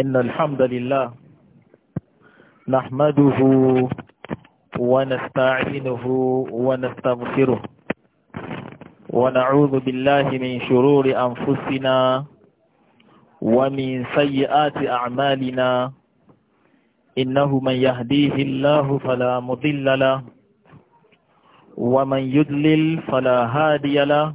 إن الحمد لله نحمده ونستعينه ونستغفره ونعوذ بالله من شرور أنفسنا ومن سيئات أعمالنا إنه من يهديه الله فلا مضل له ومن يدلل فلا هادي له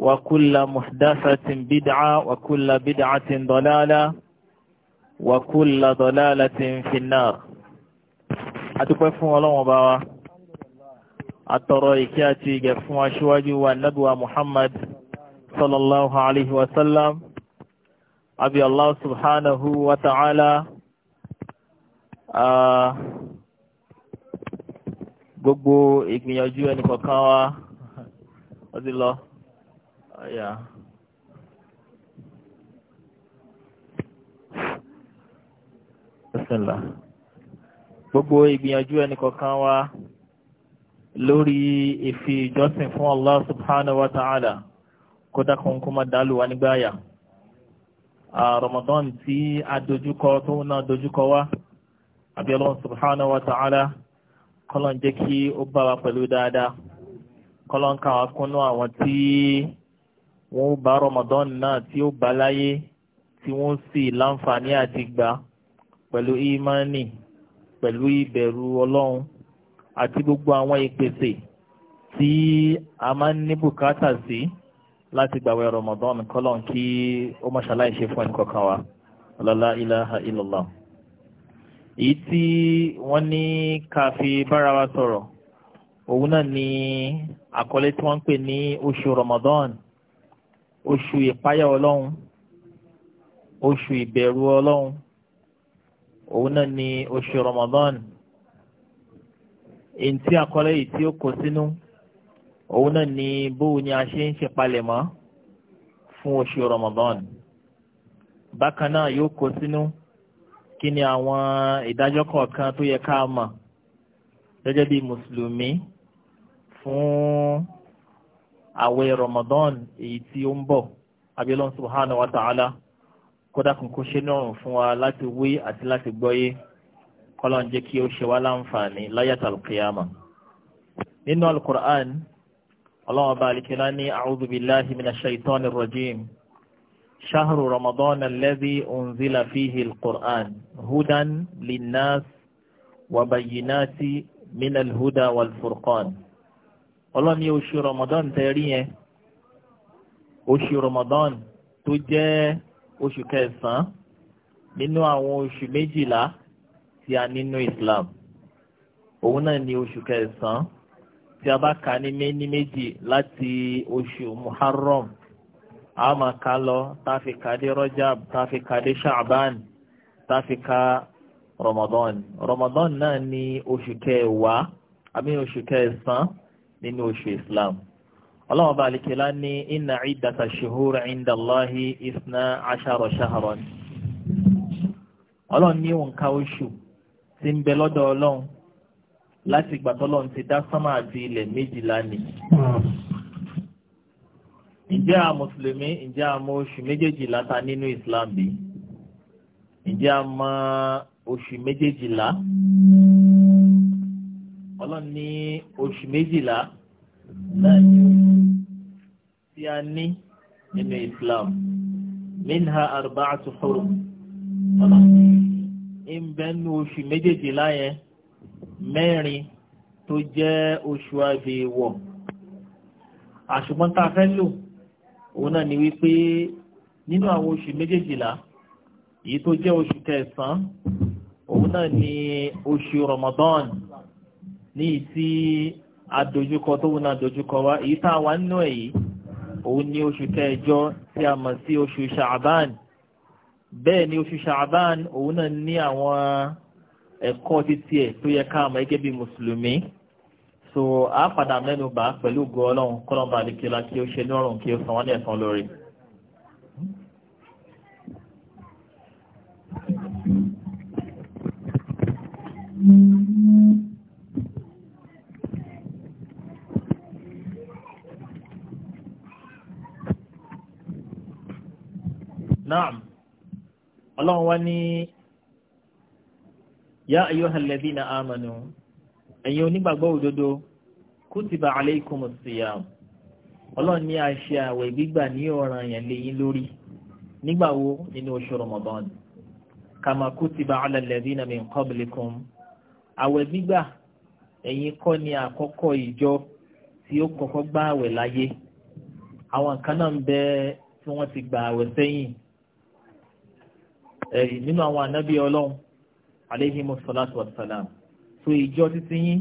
وكل محدثة بدعة وكل بدعة ضلالة وكل ضلالة في النار أتقف الله وبارك àtọ̀rọ̀ ìkẹ́ àti ìgẹ̀ fún aṣíwájú wa nábíwa muhammad sallallahu alaihi wasallam abi allah subhanahu wa ta'ala gbogbo ìgbìyànjú ẹnìkọ̀kan wa ọdí lọ yeah. Bísmìlá. Gbogbo ìgbìyànjú ẹni kọ̀kan wa lórí ìfi ìjọsìn fún Allah subhanahu wa ta'ala kó dákun kó má dálù wa nígbàyà. Ramadan tí a dojúkọ tó náà dojúkọ wa, àbí subhanahu wa ta'ala kọ́lọ̀ jẹ́ kí ó bá wa pẹ̀lú dáadáa. Kọ́lọ̀ ń kúnnú àwọn tí wọ́n bá Ramadan náà tí ó bá láyé tí wọ́n sì láǹfààní àti gbà pẹ̀lú ìmánì pẹ̀lú ìbẹ̀rù ọlọ́run àti gbogbo àwọn ìpèsè tí a máa ń ní bùkátà sí láti gbàwẹ̀ Ramadan kọ́lọ̀ kí ó mọ̀ṣáláì ṣe fún ẹnìkọ̀ọ̀kan wa ọlọ́lá ilaha illallah èyí tí wọ́n ní ká fi bára wa sọ̀rọ̀ òun náà ni àkọlé tí wọ́n ń pè ní oṣù Ramadan oṣù ìpáyà ọlọ́run oṣù ìbẹ̀rù ọlọ́run òun náà ni oṣù Ramadan èyí tí àkọlé yìí tí ó kó sínú òun náà ni bóò ni a ṣe ń ṣe palẹ̀mọ́ fún oṣù Ramadan bákan náà yóò kó sínú kí ni àwọn ìdájọ́ kọ̀ọ̀kan tó yẹ ká mọ̀ gẹ́gẹ́ bí mùsùlùmí fún àwẹ̀ Ramadan èyí tí ó ń bọ̀ abiyalon subhanahu wa ta'ala kódà kún kó ṣe nírọ̀rùn fún wa láti wí àti láti gbọ́yé kọ́lọ̀ ń jẹ́ kí ó ṣe wá láǹfààní láyàtà alkiyama nínú alukur'an ọlọ́wọ́n bá alikila ní a'udhu billahi minash shaitani rajim shahru ramadan alladhi unzila fihi alkur'an hudan linnas wa bayyinati min alhuda wal furqan ọlọ́ni oṣù ramadan tẹ́rí yẹn oṣù ramadan tó jẹ́ oṣù kẹsàn-án nínú àwọn oṣù méjìlá tí a nínú islam òun náà ni oṣù kẹsàn-án tí a bá kà ní méní méjì láti oṣù muharram a máa kà lọ táfi kà dé rajab táfi kà dé sha'ban táfi kà ramadan ramadan náà ni oṣù kẹwàá àbí oṣù kẹsàn-án nínú oṣù islam ọlọ́wọ́n bá n'i ní inna iddata shuhur inda Allahi isna ashara shahran ọlọ́run ní òǹkà oṣù ti ń bẹ lọ́dọ̀ ọlọ́run láti ìgbà ti dá sánmà àti ilẹ̀ méjìlá ni. ǹjẹ́ a mùsùlùmí ǹjẹ́ a mọ oṣù méjèèjìlá ta nínú islam bí? ǹjẹ́ a mọ oṣù méjèèjìlá? ọlọ́run ní oṣù méjìlá náà tí a ní nínú Islam minha arba'atu hurum ọlọ́run ń bẹ́nu oṣù méjèèjìlá yẹn mẹ́rin tó jẹ́ oṣù àbẹ̀wọ̀ àṣùgbọ́n tá a fẹ́ lò òun náà ni wípé nínú àwọn oṣù méjèèjìlá èyí tó jẹ́ oṣù kẹsàn-án òun náà ni oṣù Ramadan ní ìtí adójúkọ tó wùnà adójúkọ wa èyí tá wà nínú èyí òun ni oṣù kẹjọ tí a mọ̀ sí oṣù ṣàbán bẹ́ẹ̀ ni oṣù ṣàbán òun náà ní àwọn ẹ̀kọ́ títí ẹ̀ tó yẹ ká gẹ́gẹ́ bí mùsùlùmí so a padà mẹ́nu bà pẹ̀lú gọ́ ọlọ́run kọ́lọ́mbà àdìkíọ́lá kí ó ṣe lọ́rùn kí ó san wọ́n ní ẹ̀san lórí. naam ọlọ́run wá ní yá ayyuhal ladhina amanu ẹ̀yin onígbàgbọ́ òdodo kutiba alaykumus siyam ọlọ́run ní a ṣe àwẹ̀ gbígbà ní ọ̀ranyàn lé yín lórí nígbàwo nínú oṣù Ramadan kama kutiba ala alladhina min qablikum àwẹ̀ gbígbà ẹ̀yin kọ́ ni àkọ́kọ́ ìjọ tí ó kọ́kọ́ gba àwẹ̀ láyé àwọn kan náà ń bẹ tí wọ́n ti gba àwẹ̀ sẹ́yìn ẹ̀rí nínú àwọn ànábì ọlọ́run aleyhi musalatu wasalam so ìjọ títí yín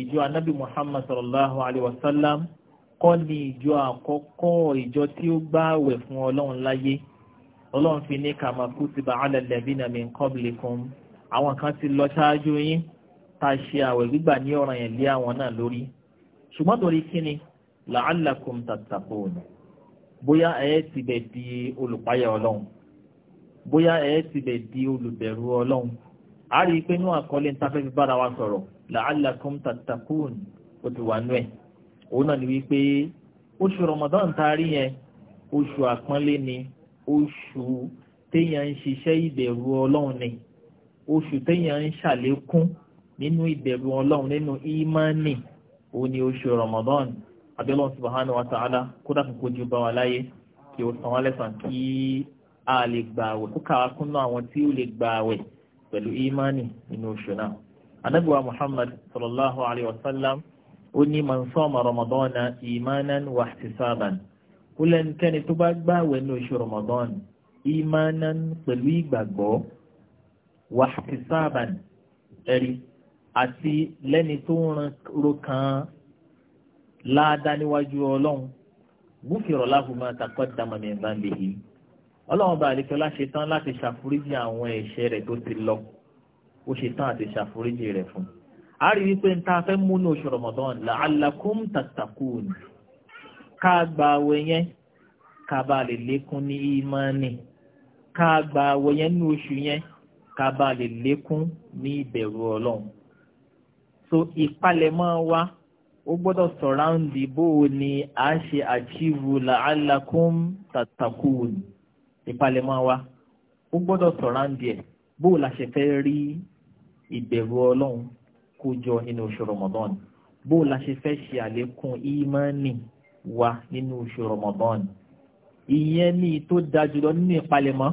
ìjọ ànábì muhammad sallallahu alayhi wa sallam kọ́ ni ìjọ àkọ́kọ́ ìjọ tí ó gbààwẹ̀ fún ọlọ́run láyé ọlọ́run fi ní kàmá kutiba ala alladhina min qablikum àwọn kan ti lọ ṣáájú yín ta ṣe àwẹ̀ gbígbà ní ọ̀ràn yẹn lé àwọn náà lórí ṣùgbọ́n torí kíni la'allakum tattaqun bóyá ẹ̀ ti bẹ̀ di olùpáyà ọlọ́run bóyá ẹ ti bẹ̀ di olùbẹ̀rù ọlọ́run a rí i pé ní àkọlé ń tafẹ́ fi bára wa sọ̀rọ̀ la'allakum tattaqun ó ti wà nú ẹ̀ òun náà ni wípé oṣù Ramadan tá a rí yẹn oṣù àpọ́nlé ni oṣù téèyàn ń ṣiṣẹ́ ìbẹ̀rù ọlọ́run ni oṣù téèyàn ń ṣàlékún nínú ìbẹ̀rù ọlọ́run nínú ìmánì òun ni oṣù Ramadan abẹ́lọ́n subhanahu wa ta'ala kódà kò kojú bá wa láyé kí o san wá lẹ́san kí a lè gba àwẹ̀ kó kàwá kúnnú àwọn tí ó lè gba àwẹ̀ pẹ̀lú imani nínú oṣù náà anábìwá muhammad sallallahu alayhi wa sallam ó ní man sọ́ọ̀mà ramadana imanan wa ihtisaban ó lẹ́nikẹ́ni tó bá gba àwẹ̀ ní oṣù ramadan imanan pẹ̀lú ìgbàgbọ́ wa ihtisaban ẹ̀rí àti lẹ́ni tó ń ro kan láadáa níwájú ọlọ́run gúfèrò láhùn máa taqaddama min dhanbihi yìí ọlọ́run bá àdékọ́lá ṣe tán láti ṣàforíjì àwọn ẹ̀ṣẹ̀ rẹ̀ tó ti lọ ó ṣe tán àti ṣàforíjì rẹ̀ fún a rí wípé n ta fẹ́ múnú oṣù rọmọdán la'allakum tattaqun ká gba àwẹ̀ yẹn ká bá lè lékún ní ìmánì ká gba àwẹ̀ yẹn ní oṣù yẹn ká bá lè lékún ní ìbẹ̀rù ọlọ́run so ìpalẹ̀mọ́ wa ó gbọ́dọ̀ sọ̀ráǹdì bó o ní a ṣe àchíwù la'allakum tattaqun ìpalẹ̀mọ́ wa ó gbọ́dọ̀ sọ̀ráǹdì ẹ̀ bó la ṣe fẹ́ rí ìbẹ̀rù ọlọ́run kó jọ nínú oṣù Ramadan bó la ṣe fẹ́ ṣe àlékún ìmánì wa nínú oṣù Ramadan ìyẹn ní tó da jùlọ nínú ìpalẹ̀mọ́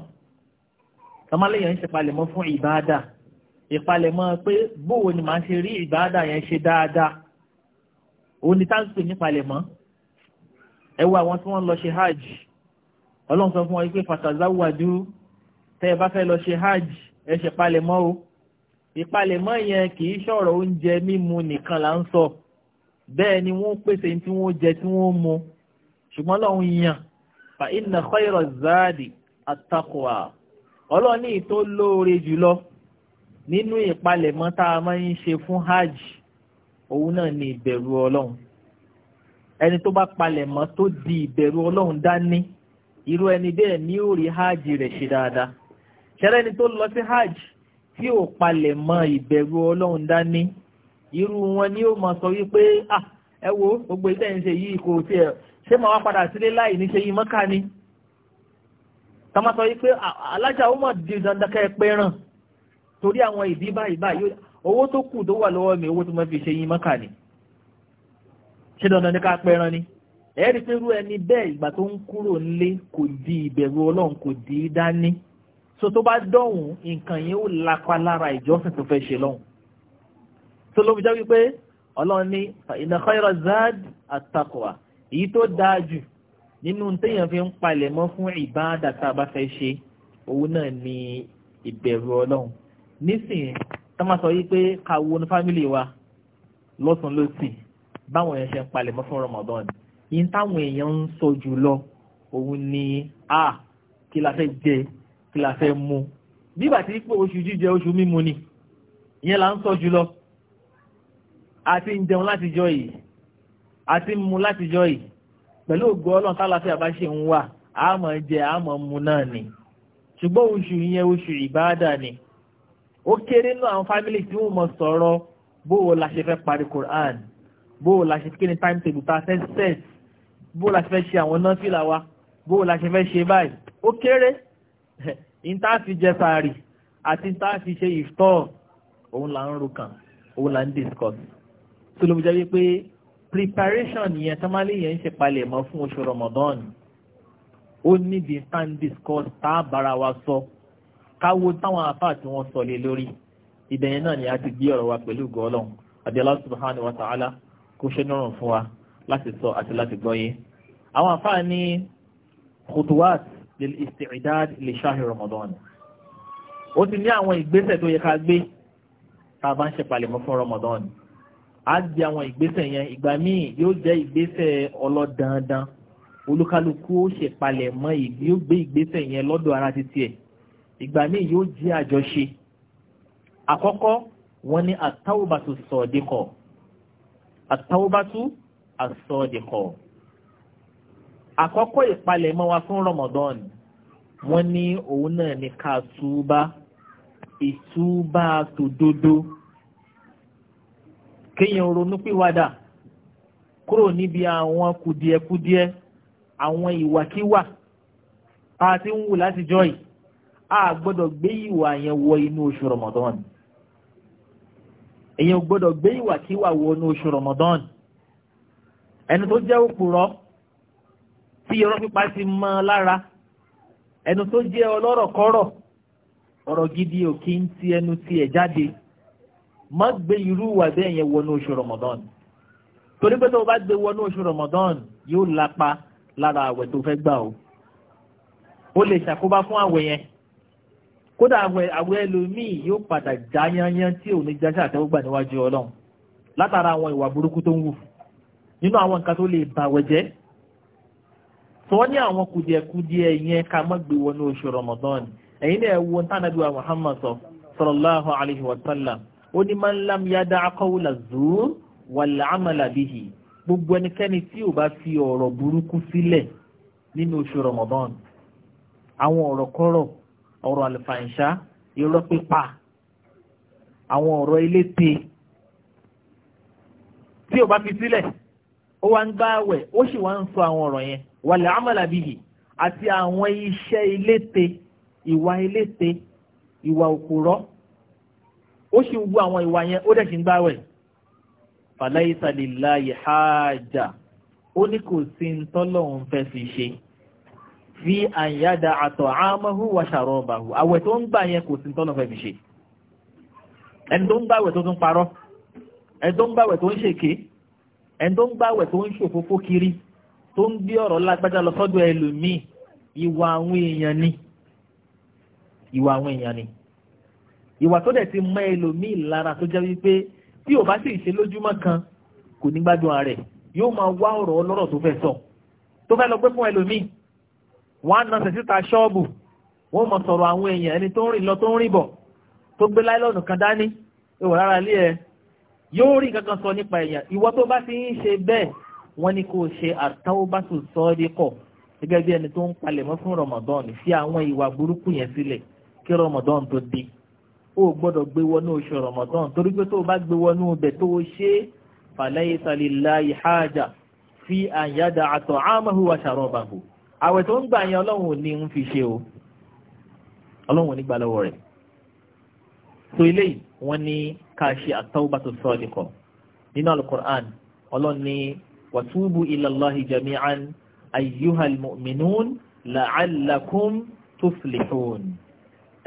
tọ́mọ́lẹ́yìn ṣe palẹ̀mọ́ fún ìbáadà ìpalẹ̀mọ́ pé bóò ni màá ṣe rí ìbáadà yẹn ṣe dáadáa òun ni táǹpì nípalẹ̀mọ́ ẹ wo àwọn tí wọ́n lọ ṣe hajj ọlọ́run sọ fún wa pé fàtàzáwàdú tẹ́ ẹ bá fẹ́ lọ ṣe hajj ẹ ṣe palẹ̀mọ́ o ìpalẹ̀mọ́ yẹn kì í ṣọ̀rọ̀ oúnjẹ mímu nìkan là ń sọ bẹ́ẹ̀ ni wọ́n pèsè tí wọ́n jẹ tí wọ́n mu ṣùgbọ́n lọ́hùn yàn fa inna khayra zaadi at-taqwa ọlọ́ọ̀ni tó lóore jùlọ nínú ìpalẹ̀mọ́ tá a máa ń ṣe fún hajj òun náà ni ìbẹ̀rù ọlọ́run ẹni tó bá palẹ̀mọ́ tó di ìbẹ̀rù ọlọ́run dání irú ẹni bẹ́ẹ̀ ní ó rí hajj rẹ̀ ṣe dáadáa ṣẹ́rẹ́ ni tó lọ sí hajj tí ò palẹ̀ mọ́ ìbẹ̀rù ọlọ́run dání irú wọn ni ó máa sọ wípé ah ẹ wo gbogbo iṣẹ́ ń ṣe yìí kò tiẹ̀ ṣé màá wá padà sílé láì ní ṣe yìí mọ́ká ni tọ́mọ sọ wípé alájà ó mọ̀ di dandan kẹ́ ẹ pé ràn torí àwọn ìdí báyìí báyìí owó tó kù tó wà lọ́wọ́ mi owó tó mọ́ fi ṣe yìí mọ́ká ni ṣé dandan ní ká pé ràn ni ẹ̀rí pé irú ẹni bẹ́ẹ̀ ìgbà tó ń kúrò nílé kò di ìbẹ̀rù ọlọ́run kò di í dání so tó bá dọ̀hùn nǹkan yẹn ó lapa lára ìjọsìn tó fẹ́ ṣe lọ́hùn tó ló fi jẹ́ wípé ọlọ́run ní inna khayra zad at èyí tó dáa jù nínú téèyàn fi ń palẹ̀ mọ́ fún ìbáàdà tá bá fẹ́ ṣe òun náà ni ìbẹ̀rù ọlọ́run nísìnyí tá máa sọ yí pé ká wo ní fámìlì wa lọ́sùn lọ́sìn báwọn yẹn ṣe ń palẹ̀ mọ́ fún Ramadan yìí táwọn èèyàn ń sọ jù òun ni a kí la fẹ́ jẹ kí la fẹ́ mu bíbà tí pé oṣù jíjẹ oṣù mímu ni ìyẹn là ń sọ jù lọ àti ń jẹun láti jọ yìí àti ń mu láti jọ yìí pẹ̀lú ògo ọlọ́run tálàfẹ́ àbáṣe ń wà á máa jẹ á máa mu náà ni ṣùgbọ́n oṣù yẹn oṣù ìbáadà ni ó kéré nínú àwọn fámílì tí wọ́n mọ̀ sọ̀rọ̀ bóò la ṣe fẹ́ parí Quran bóò la ṣe kí ni time table ta fẹ́ set bó la ṣe fẹ́ ṣe àwọn náfìlà wa bó la ṣe fẹ́ ṣe báyìí ó kéré ìta fi jẹ sàárì àti ìta fi ṣe ìftọ́ òun là ń rokàn òun là ń discuss tó ló mú jẹ́ wípé preparation yẹn tamale yẹn ń ṣe palẹ̀ mọ́ fún oṣù Ramadan ó níbi stand discuss tá a bára wa sọ káwo táwọn afáà tí wọ́n sọ lé lórí ìbẹ̀yẹn náà ni a ti gbé ọ̀rọ̀ wa pẹ̀lú gọ́ọ̀lọ́n àbí Allah subhanahu wa ta'ala kó ṣe nírùn fún wa láti sọ àti láti gbọ́yé àwọn àfáà ní khutuwat lil isti'dad li shahri Ramadan ó ti ní àwọn ìgbésẹ̀ tó yẹ ká gbé tá a bá ń ṣe palẹ̀mọ́ fún Ramadan á di àwọn ìgbésẹ̀ yẹn ìgbà míì yóò jẹ́ ìgbésẹ̀ ọlọ́dandan olúkálukú ó ṣe palẹ̀mọ́ ìdí ó gbé ìgbésẹ̀ yẹn lọ́dọ̀ ara títí ẹ̀ ìgbà míì yóò jẹ́ àjọṣe àkọ́kọ́ wọ́n ní àtàwùbátú sọ̀ọ́díkọ̀ àtàwùbátú asọ́dìkọ̀ àkọ́kọ́ ìpalẹ̀mọ́ wa fún Ramadan wọ́n ní òun náà ní ká túbá ìtúbá tòdodo kéèyàn ronú pìwàdà kúrò níbi àwọn kùdìẹ̀kudìẹ àwọn ìwàkíwà tá a ti ń wù láti jọ́ yìí a gbọ́dọ̀ gbé ìwà yẹn wọ inú oṣù Ramadan èèyàn gbọ́dọ̀ gbé ìwàkíwà wọ inú oṣù Ramadan ẹni tó jẹ́ òpùrọ́ tí irọ́ pípa ti mọ́ lára ẹni tó jẹ́ ọlọ́rọ̀kọ́rọ̀ ọ̀rọ̀ gidi ò kí ń ti ẹnu tiẹ̀ jáde má gbé irú ìwà bẹ́ẹ̀ yẹn wọnú oṣù Ramadan torí pé tó o bá gbé wọnú oṣù Ramadan yóò lapa lára àwẹ̀ tó fẹ́ gbà o ó lè ṣàkóbá fún àwẹ̀ yẹn kódà àwẹ̀ ẹlòmíì yóò padà já yányán tí ò ní jáṣà àtẹ́wọ́gbà níwájú Ọlọ́run látara àwọn ìwà burúkú tó ń wù fún nínú àwọn nǹkan tó lè bàwẹ̀ jẹ́ tó ní àwọn kùdìẹ̀kùdìẹ̀ yẹn ká má gbé wọnú oṣù Ramadan ẹ̀yin náà wo tánàbí wa sallallahu alaihi wasallam sallam ó ní man lam yada' qawla zur wal amala bihi gbogbo ẹnikẹ́ni tí ò bá fi ọ̀rọ̀ burúkú sílẹ̀ nínú oṣù Ramadan àwọn ọ̀rọ̀ kọ́rọ̀ ọ̀rọ̀ àlùfàǹṣá irọ́ pípa àwọn ọ̀rọ̀ eléte tí ò bá fi sílẹ̀ ó wá ń gbààwẹ̀ ó sì wá ń sọ àwọn ọ̀rọ̀ yẹn wàlẹ̀ amalabihi àti àwọn iṣẹ́ iléte ìwà iléte ìwà òpùrọ́ ó sì ń wú àwọn ìwà yẹn ó dẹ̀ sì ń gbààwẹ̀ falaisa lillahi haja ó ní kò sí ń tọ́lọ́hún fẹ́ fi ṣe fi àyàdà àtọ̀ àmọ́hù wà ṣàrọ̀bàhù àwẹ̀ tó ń gbà yẹn kò sí ń tọ́lọ́hún fẹ́ fi ṣe ẹni tó ń gbàwẹ̀ tó tún parọ́ ẹni tó ń gbàwẹ̀ tó ń ṣèké ẹni tó ń gbàwẹ̀ tó ń ṣòfófó kiri tó ń gbé ọ̀rọ̀ lágbájá lọ sọ́dọ̀ ẹlòmíì ìwà àwọn èèyàn ni ìwà àwọn èèyàn ni ìwà tó dẹ̀ ti mọ́ ẹlòmíì lára tó jẹ́ wípé tí ò bá sì ṣe lójúmọ́ kan kò ní gbádùn ààrẹ yóò máa wá ọ̀rọ̀ ọlọ́rọ̀ tó fẹ́ sọ tó fẹ́ lọ gbé fún ẹlòmíì wọ́n á nọsẹ̀ síta ṣọ́ọ̀bù wọ́n mọ̀ sọ̀rọ̀ àwọn èèyàn ẹni tó ń rìn lọ tó ń rìn bọ̀ tó gbé láìlọ́ọ̀nù kan dání ìwà lára ilé ẹ̀ yóò rí kankan sọ nípa èèyàn ìwọ tó bá ti ń ṣe bẹ́ẹ̀ wọ́n ní kó o ṣe àtàwọ́básù sọ́ọ́dẹ́kọ̀ gẹ́gẹ́ bí ẹni tó ń palẹ̀mọ́ fún Ramadan fi àwọn ìwà burúkú yẹn sílẹ̀ kí Ramadan tó dé ó gbọ́dọ̀ gbé wọnú oṣù Ramadan torí pé tó o bá gbé wọnú ibẹ̀ tó o ṣe falaysa lillahi haja fi an yada'a ta'amahu wa sharabahu àwẹ̀ tó ń gbà yẹn ọlọ́run ò ní ń fi ṣe o ọlọ́run ò ní gbà lọ́wọ́ rẹ̀ so eléyìí wọ́n ní ká ṣe at-tawbatu sadiqa nínú al-Qur'an ọlọ́run ní watubu ila Allahi jami'an ayyuhal mu'minun la'allakum tuflihun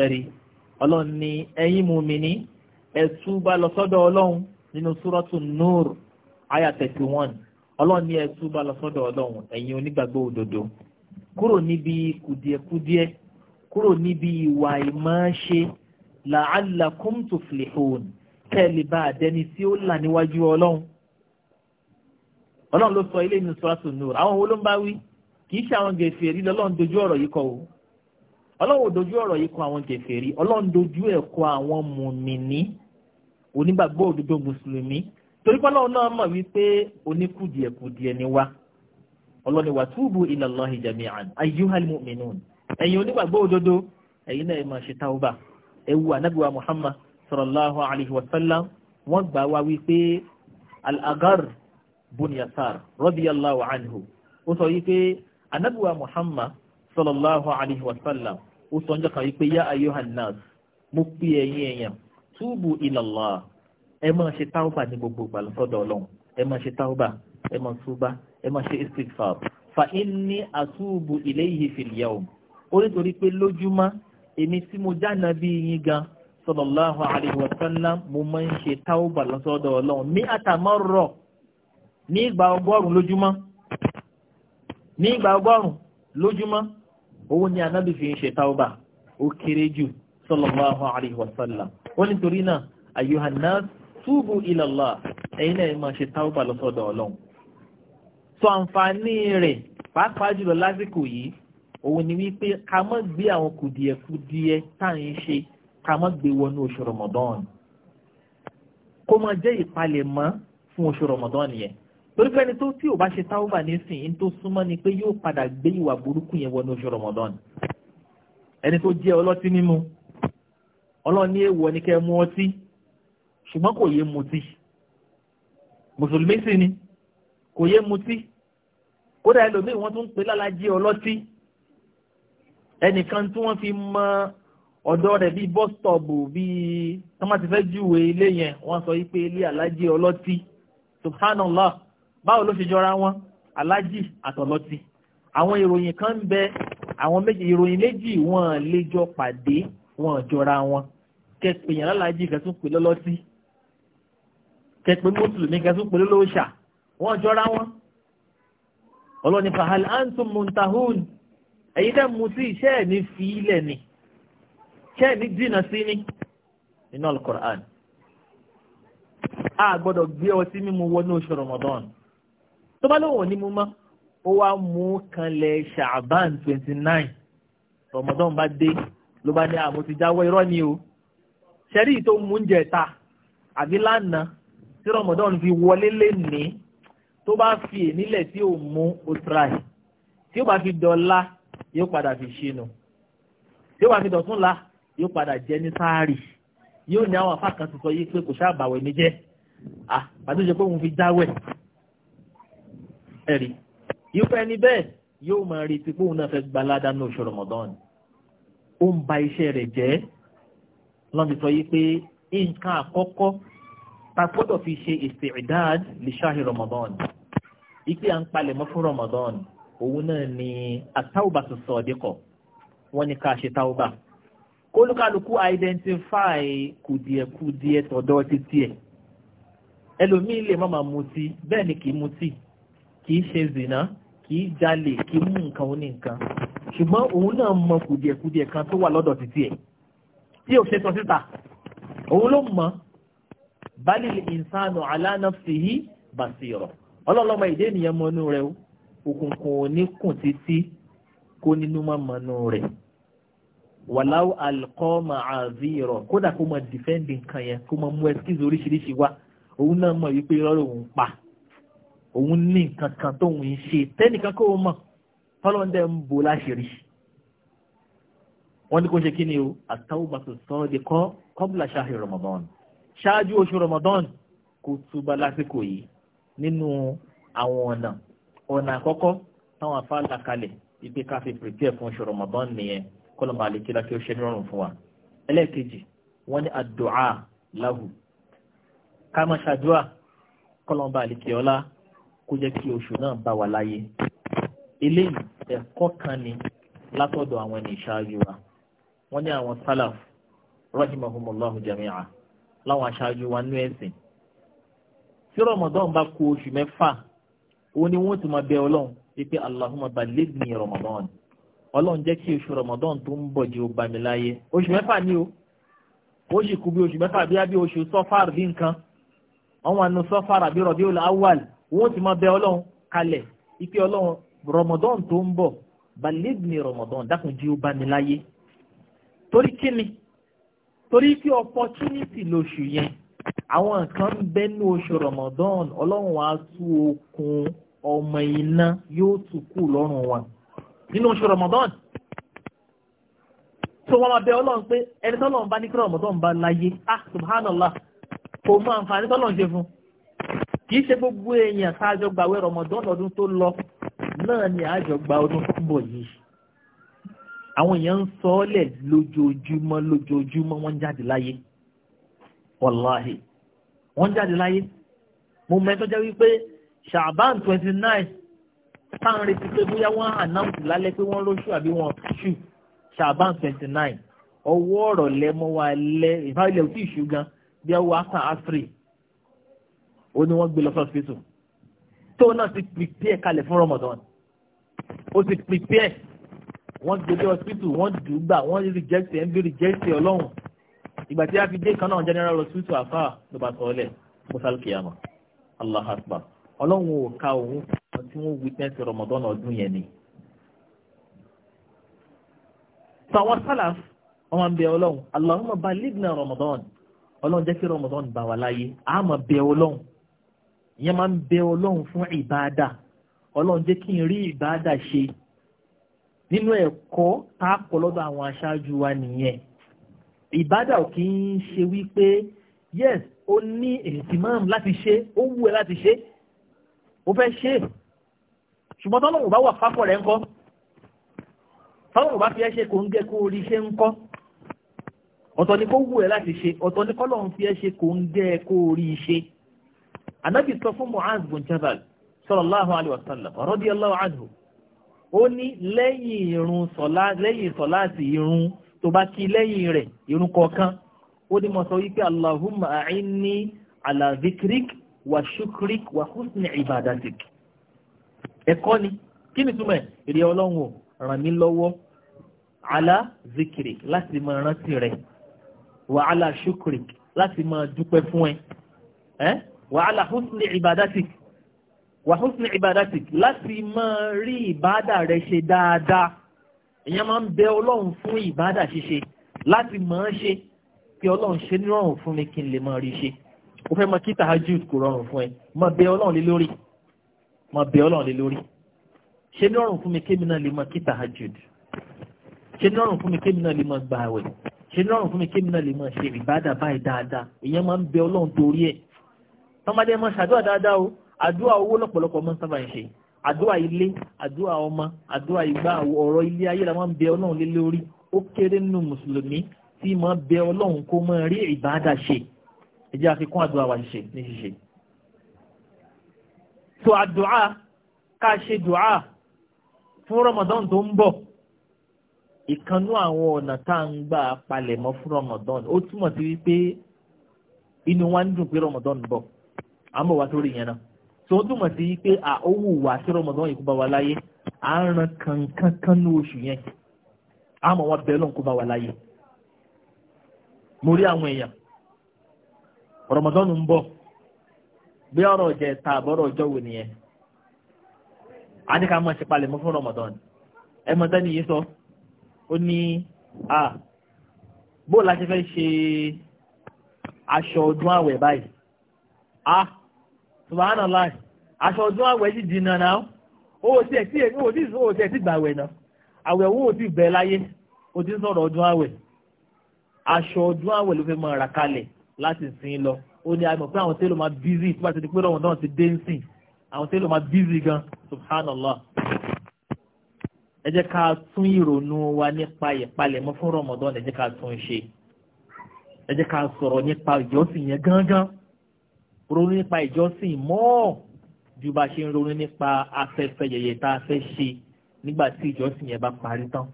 ẹ̀rí ọlọ́run ní ẹ̀yin mu'mini ẹ túbá lọ sọ́dọ̀ ọlọ́run nínú suratu nur aya 31 ọlọ́run ní ẹ túbá lọ ọlọ́run ẹ̀yin onígbàgbọ́ òdodo kúrò níbi kùdìẹ̀kudìẹ̀ kúrò níbi ìwà ìmáṣe la'allakum tuflihun kẹ́lẹ̀ bá àdẹni tí ó là níwájú ọlọ́run ọlọ́run ló sọ ilé ìnú sọ́ràtù nùr àwọn owó ló ń bá wí kì í ṣe àwọn gẹ̀fẹ̀rí lọ́lọ́run dojú ọ̀rọ̀ yìí kọ o ọlọ́run dojú ọ̀rọ̀ yìí kọ àwọn gẹ̀fẹ̀rí ọlọ́run dojú ẹ̀ kọ àwọn mùmìnì onígbàgbọ́ òdodo mùsùlùmí torí pé ọlọ́run náà mọ̀ wípé oníkùdìẹ̀kùdìẹ̀ ni wá ọlọ́ni wà túbù ilallahi jami'an ayyuhal mu'minun ẹ̀yin onígbàgbọ́ òdodo ẹ̀yin náà ẹ̀ máa ṣe táwọn bá ẹwu anábíwá muhammad sallallahu alayhi wa sallam wọ́n gbà wá wípé al-agar bunyasar radiyallahu anhu ó sọ wípé anábíwá muhammad sallallahu alayhi wa sallam ó sọ ọjọ́ kan wípé yá ayyuhan nas mo pè ẹ̀yin èèyàn túbù ila Allah ẹ máa ṣe táwùbà ní gbogbo ìgbàlósọ́dọ̀ ọlọ́run ẹ máa ṣe táwùbà ẹ máa túbà ẹ máa ṣe istighfar fa inni atubu ilayhi fil yawm ó nítorí pé lójúmọ́ èmi tí mo jáná bí yín gan sallallahu alaihi wa sallam mo máa ń ṣe táwọ́bà lọ́sọ́dọ̀ ọlọ́run ní àtàmọ́rọ̀ ní ìgbà ọgọ́rùn lójúmọ́ ní ìgbà ọgọ́rùn lójúmọ́ owó ni anábì fi ń ṣe táwọ́bà ó kéré jù sallallahu alaihi wa sallam ó nítorí náà ayyuhan nas túbù ila Allah náà máa ṣe táwọ́bà lọ́sọ́dọ̀ ọlọ́run òun ni wípé ká má gbé àwọn kùdìẹ̀kùdìẹ tá à ń ṣe ká má gbé wọnú oṣù Ramadan kó máa jẹ́ ìpalẹ̀mọ́ fún oṣù Ramadan yẹn torí pé ẹni tó tí ò bá ṣe táwọ́bà nísìnyí tó súnmọ́ ni pé yóò padà gbé ìwà burúkú yẹn wọnú oṣù Ramadan ẹni tó jẹ́ ọlọ́tí mímu ọlọ́ni èèwọ̀ ni kẹ́ mú ọtí ṣùgbọ́n kò yé mutí mùsùlùmí sì ni kò yé mutí kódà ẹlòmíì wọ́n tún ń pè lálàjì ọlọ́tí ẹnìkan tí wọ́n fi mọ ọ̀dọ́ rẹ̀ bíi bọ́sítọ̀bù bíi tọ́mátì fẹ́ júwe ilé yẹn wọ́n sọ wípé ilé alájí ọlọ́tí subhanallah báwo ló ṣe jọra wọn alájí àtọ̀lọ́tí àwọn ìròyìn kan ń bẹ àwọn méjì ìròyìn méjì wọn lè jọ pàdé wọn jọra wọn kẹpìyàn lálájí kẹsùn pè lọ́lọ́tí kẹpẹ mùsùlùmí kẹsùn pè lọ́lọ́ṣà wọn jọra wọn ọlọ́ni fahal antum muntahun ẹ̀yin tẹ́ mu tí iṣẹ́ ẹ̀ ní fi ilẹ̀ ni iṣẹ́ ẹ̀ ní dínà sí ni nínú alukur'an a gbọ́dọ̀ gbé ọtí mímu wọnú oṣù Ramadan tó bá lóun ò ní mu mọ́ ó wá mú kanlẹ̀ Sha'ban twenty nine Ramadan bá dé ló bá ní àmọ́ ti jáwọ́ irọ́ ni o ṣẹ́rí tó mú oúnjẹ ta àbí lánàá tí Ramadan fi wọlé lé ní tó bá fi ènílẹ̀ tí ò mú ó tíráì tí ó bá fi dọ̀la yóò padà fi ṣínú tí ó wà ní dọ̀tún la yóò padà jẹ ní sáárì yóò ní àwọn afákan ti sọ yí pé kò sáàbàwẹ̀ mi jẹ́ àtúnṣe pé òun fi jáwẹ̀ ẹ̀rí irúfẹ́ ẹni bẹ́ẹ̀ yóò máa retí pé òun náà fẹ́ gba aládàáni oṣù Ramadan ó ń ba iṣẹ́ rẹ̀ jẹ́ lọ́nà sọ yí pé nǹkan àkọ́kọ́ ta gbọ́dọ̀ fi ṣe isti'dad li shahri Ramadan ipe à ń palẹ̀mọ́ fún Ramadan òun náà ni àtàwùbà sọ̀sọ̀ ọ̀dẹ́kọ̀ wọ́n ní ká ṣe táwùbà kólúkálukú identify kùdìẹ̀kùdìẹ̀ tọ̀dọ̀ títí ẹ̀ ẹlòmíì lè má máa mutí bẹ́ẹ̀ ni kì í mutí kì í ṣe zìnà kì í jalè kì í mú nǹkan ó ní nǹkan ṣùgbọ́n òun náà mọ kùdìẹ̀kùdìẹ̀ kan tó wà lọ́dọ̀ títí ẹ̀ tí ò ṣe sọ síta òun ló mọ balil insanu ala nafsihi basira ọlọ́lọ́mọ ìdé ènìyàn mọ́nú rẹ̀ o òkùnkùn ò ní kùn títí kó nínú mọ́mọ́nú rẹ̀ wàláwù alkọ́ọ̀mà àzírọ̀ kódà kó mọ dìfẹ́ǹdì nǹkan yẹn kó mọ mú ẹskíz oríṣiríṣi wá òun náà mọ̀ wípé rọ́rọ̀ òun pa òun ní nǹkan kan tóun ń ṣe tẹ́nìkan kó o mọ̀ tọ́lọ́ndẹ̀ ń bo láṣìírí wọ́n ní kó ṣe kí ni o àtàwùbàtò sọ́ọ́ di kọ́ kọ́bùlà ṣáàhì Ramadan ṣáájú oṣù Ramadan kó túbà lásìkò yìí nínú àwọn ọ̀nà ọ̀nà àkọ́kọ́ táwọn afá là kalẹ̀ ká fi prepare fún oṣù Ramadan nìyẹn kọ́lọ́mọ àlekílá kí ó ṣe nírọ̀rùn fún wa ẹlẹ́ẹ̀kejì wọ́n ní àdúà láhù ká máa ṣàdúà kọ́lọ́mọ àlekíọ́lá kó jẹ́ kí oṣù náà bá wa láyé eléyìí ẹ̀kọ́ kan ni látọ̀dọ̀ àwọn ẹni ìṣáájú wa wọ́n ní àwọn sálàf rahimahumullahu jami'a láwọn aṣáájú wa nú ẹ̀sìn tí Ramadan bá kù oṣù mẹ́fà òun ni wọ́n ti máa bẹ ọlọ́run wípé Allahumma ballighni Ramadan ọlọ́run jẹ́ kí oṣù Ramadan tó ń bọ̀ jẹ́ ó bá mi láyé oṣù mẹ́fà ni o ó sì kú bí oṣù mẹ́fà bí abí oṣù sọ́fàr bí nǹkan àwọn àna sọ́fàr àbí Rabiul Awwal wọ́n ti máa bẹ ọlọ́run kalẹ̀ wípé ọlọ́run Ramadan tó ń bọ̀ ballighni Ramadan dákun jẹ́ ó bá mi láyé torí kíni torí pé opportunity lóṣù yẹn àwọn nǹkan ń bẹ́nu oṣù Ramadan ọlọ́run wàá tú okun ọmọ iná yóò tún kù lọ́rùn wa nínú oṣù Ramadan tó wọ́n máa bẹ ọlọ́run pé ẹni tọ́lọ́run bá ní kí Ramadan bá láyé ah subhanallah kò mọ àǹfààní tọ́lọ́run ṣe fún kì í ṣe gbogbo èèyàn sáájọ gbàwé Ramadan ọdún tó lọ náà ni àjọ gba ọdún tó ń bọ̀ yìí àwọn èèyàn ń sọ ọ́ lẹ̀ lójoojúmọ́ lójoojúmọ́ wọ́n ń jáde láyé wàláhì wọ́n ń jáde láyé mo mẹ́tọ́ jẹ́ wípé ṣàbán twenty nine táwọn retí pé bóyá wọ́n announce lálẹ́ pé wọ́n lóṣù àbí wọ́n ṣù ṣàbán twenty nine ọwọ́ ọ̀rọ̀ lẹ́mọ́ wa lẹ́ ìfáwọ́lẹ̀ òtí ìṣú gan bí ẹ wọ after afri ó ní wọ́n gbé lọ sọ́sìpítù tó náà ti prepare kalẹ̀ fún Ramadan ó ti prepare wọ́n gbé dé hospital wọ́n dùn gbà wọ́n reject ẹ̀ ń bí reject ọlọ́run ìgbà tí a fi dé kan náà general hospital àfà ló bá sọ ọ́ lẹ̀ mọ́sálùkì àmọ́ Allah akbar ọlọ́run ò ka òun tí wọ́n witness Ramadan ọdún yẹn ni. sàwọn sálàf ọmọ bẹ ọlọ́run Allahumma balighna Ramadan ọlọ́run jẹ́ kí Ramadan bá wa láyé àmọ́ bẹ ọlọ́run ìyẹn máa bẹ ọlọ́run fún ìbáadà ọlọ́run jẹ́ kí n rí ìbáadà ṣe nínú ẹ̀kọ́ tá a kọ́ lọ́dọ̀ àwọn aṣáájú wa nìyẹn ìbáadà ò kì í ṣe wípé yes ó ní ètìmọ́ọ̀mù láti ṣe ó wù ẹ́ láti ṣe mo fẹ́ ṣe é ṣùgbọ́n tọ́lọ́run bá wà pápọ̀ rẹ̀ ńkọ́ tọ́lọ́run bá fi ẹ́ ṣe kò ń gẹ́ kó orí ṣe ńkọ́ ọ̀tọ̀ ni kó wù ẹ́ láti ṣe ọ̀tọ̀ ni kọ́lọ́run fi ẹ́ ṣe kò ń gẹ́ kó orí ṣe anábì sọ fún Mu'az bin Jabal sallallahu alayhi wa sallam radiyallahu anhu ó ní lẹ́yìn irun irun tó bá kí lẹ́yìn rẹ̀ irun kọ̀ọ̀kan ó ní mo sọ wípé Allahumma a'inni ala dhikrik wà ṣúkúrík wà húsùn ìbàdàtìk ẹ̀kọ́ ni kí ni túmọ̀ èrè ọlọ́run ò ràn mí lọ́wọ́ alá zikiri láti máa rántí rẹ̀ wà alá ṣúkúrík láti máa dúpẹ́ fún ẹ wà alá húsùn ìbàdàtìk wà húsùn ìbàdàtìk láti máa rí ìbádà rẹ̀ ṣe dáadáa èèyàn máa ń bẹ ọlọ́run fún ìbádà ṣíṣe láti máa ṣe kí ọlọ́run ṣe nírọ̀rùn fún mi kí n lè máa rí ṣe o fẹ́ mọ kí tahajud kò rọrùn fún ẹ mọ bẹ ọlọ́run lé lórí mọ bẹ ọlọ́run lé lórí ṣé ní ọrùn fún mi kémi náà lè mọ kí tahajud ṣé ní ọrùn fún mi kémi náà lè mọ gbààwẹ̀ ṣé ní ọrùn fún mi kémi náà lè mọ ṣe ìbádà báyìí dáadáa ìyẹn máa ń bẹ ọlọ́run torí ẹ̀ tọ́mọdé mọ ṣàdúrà dáadáa o àdúrà owó lọ́pọ̀lọpọ̀ mọ́ sábà ń ṣe àdúrà ilé àdúrà ọmọ àdúrà ìgbà ọ̀rọ̀ ilé ayé la máa ń bẹ ọlọ́run lé lórí ó kéré nínú mùsùlùmí tí máa bẹ ọlọ́run kó máa rí ìbádà ṣe ẹ jẹ́ àfikún àdúrà wa ṣíṣe ní ṣíṣe so àdúrà ká ṣe dùrà fún Ramadan tó ń bọ̀ ìkanú àwọn ọ̀nà tá à ń gbà palẹ̀mọ́ fún Ramadan ó túmọ̀ sí wípé inú wa ń dùn pé Ramadan bọ̀ à ń bọ̀ wá sórí yẹn náà so ó túmọ̀ sí wípé à ó wù wá sí Ramadan yìí kó bá wa láyé à ń ran kankan kan ní oṣù yẹn àmọ́ wọn bẹ̀rẹ̀ lóhùn kó bá wa láyé mo rí àwọn èèyàn Ramadan ń bọ̀ bí ọ̀rọ̀ jẹ ta àbọ̀rọ̀ ọjọ́ wò nìyẹn a ní ká mọ̀ sí fún Ramadan ẹmọ tẹ́ni yìí sọ ó ní à bó láti fẹ́ ṣe aṣọ ọdún àwẹ̀ báyìí a subhanallah aṣọ ọdún àwẹ̀ sì dì nànà ó sì ẹ̀tí èmi ò sì sọ ó sì ẹ̀tí gbàwẹ̀ náà àwẹ̀ owó ti bẹ̀ láyé ó ti ń sọ̀rọ̀ ọdún àwẹ̀ aṣọ ọdún àwẹ̀ ló fẹ́ mọ ara kalẹ̀ láti sìn lọ ó ní àmọ̀ pé àwọn tẹ́lọ̀ máa bízì tó bá ti di pé rọ̀wọ̀n náà ti dé ń sìn àwọn tẹ́lọ̀ máa bízì gan subhanallah ẹ jẹ́ ká tún ìrònú wa nípa ìpalẹ̀mọ́ fún rọ̀mọ̀dán ẹ jẹ́ ká tún ṣe ẹ jẹ́ ká sọ̀rọ̀ nípa ìjọsìn yẹn gángan ronú nípa ìjọsìn mọ́ ju bá ṣe ń ronú nípa afẹ́fẹ́ yẹ̀yẹ̀ tá a fẹ́ ṣe nígbà tí ìjọsìn yẹn bá parí tán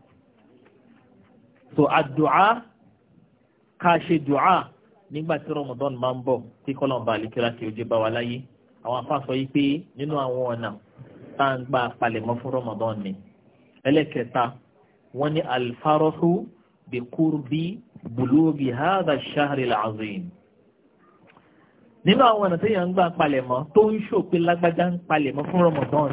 so àdùá ká ṣe dùá nígbà tí Ramadan máa ń bọ̀ tí kọ́lọ́mbà àlekèrè tí ó jẹ́ bá wa láyé àwọn afáfọ yìí pé nínú àwọn ọ̀nà tá à ń gba palẹ̀mọ́ fún Ramadan ni ẹlẹ́kẹta wọ́n ní alifárọ́fù bikurbi bulugi hada shahri al nínú àwọn ọ̀nà téèyàn ń gbà palẹ̀mọ́ tó ń ṣòpin lágbájá ń palẹ̀mọ́ fún Ramadan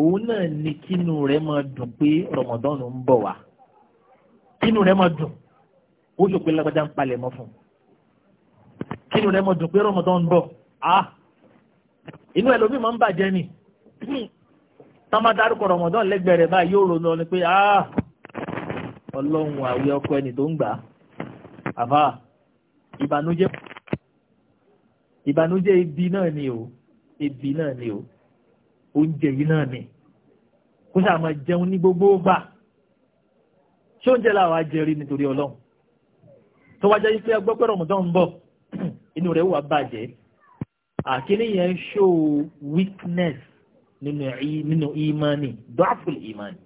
òun náà ni kínú rẹ̀ máa dùn pé Ramadan ń bọ̀ wá kínú rẹ̀ máa dùn ó ṣòpin lágbájá ń palẹ̀mọ́ fún un kínú rẹ̀ mọ̀ dùn pé rọmọdán ń bọ̀ ah inú ẹlòmíì máa ń bàjẹ́ ni tá máa dárúkọ rọmọdán lẹ́gbẹ̀ẹ́ rẹ̀ báyìí yóò ronú ọni pé ah ọlọ́run àwẹ̀ ọkọ ẹni tó ń gbà àbá ìbànújẹ́ ìbànújẹ́ ibi náà ni o ibi náà ni o oúnjẹ yìí náà ni kó sáà máa jẹun ní gbogbo gbà ṣé oúnjẹ làwọn ajẹrí nítorí ọlọ́run tó wájá yìí pé ẹgbẹ́ pẹ́rọ mọ̀tọ́ ń bọ̀ inú rẹ̀ wà bàjẹ́ àkílẹ̀ yẹn ṣó weakness nínú nínú ìmánì dọ́àfùl ìmánì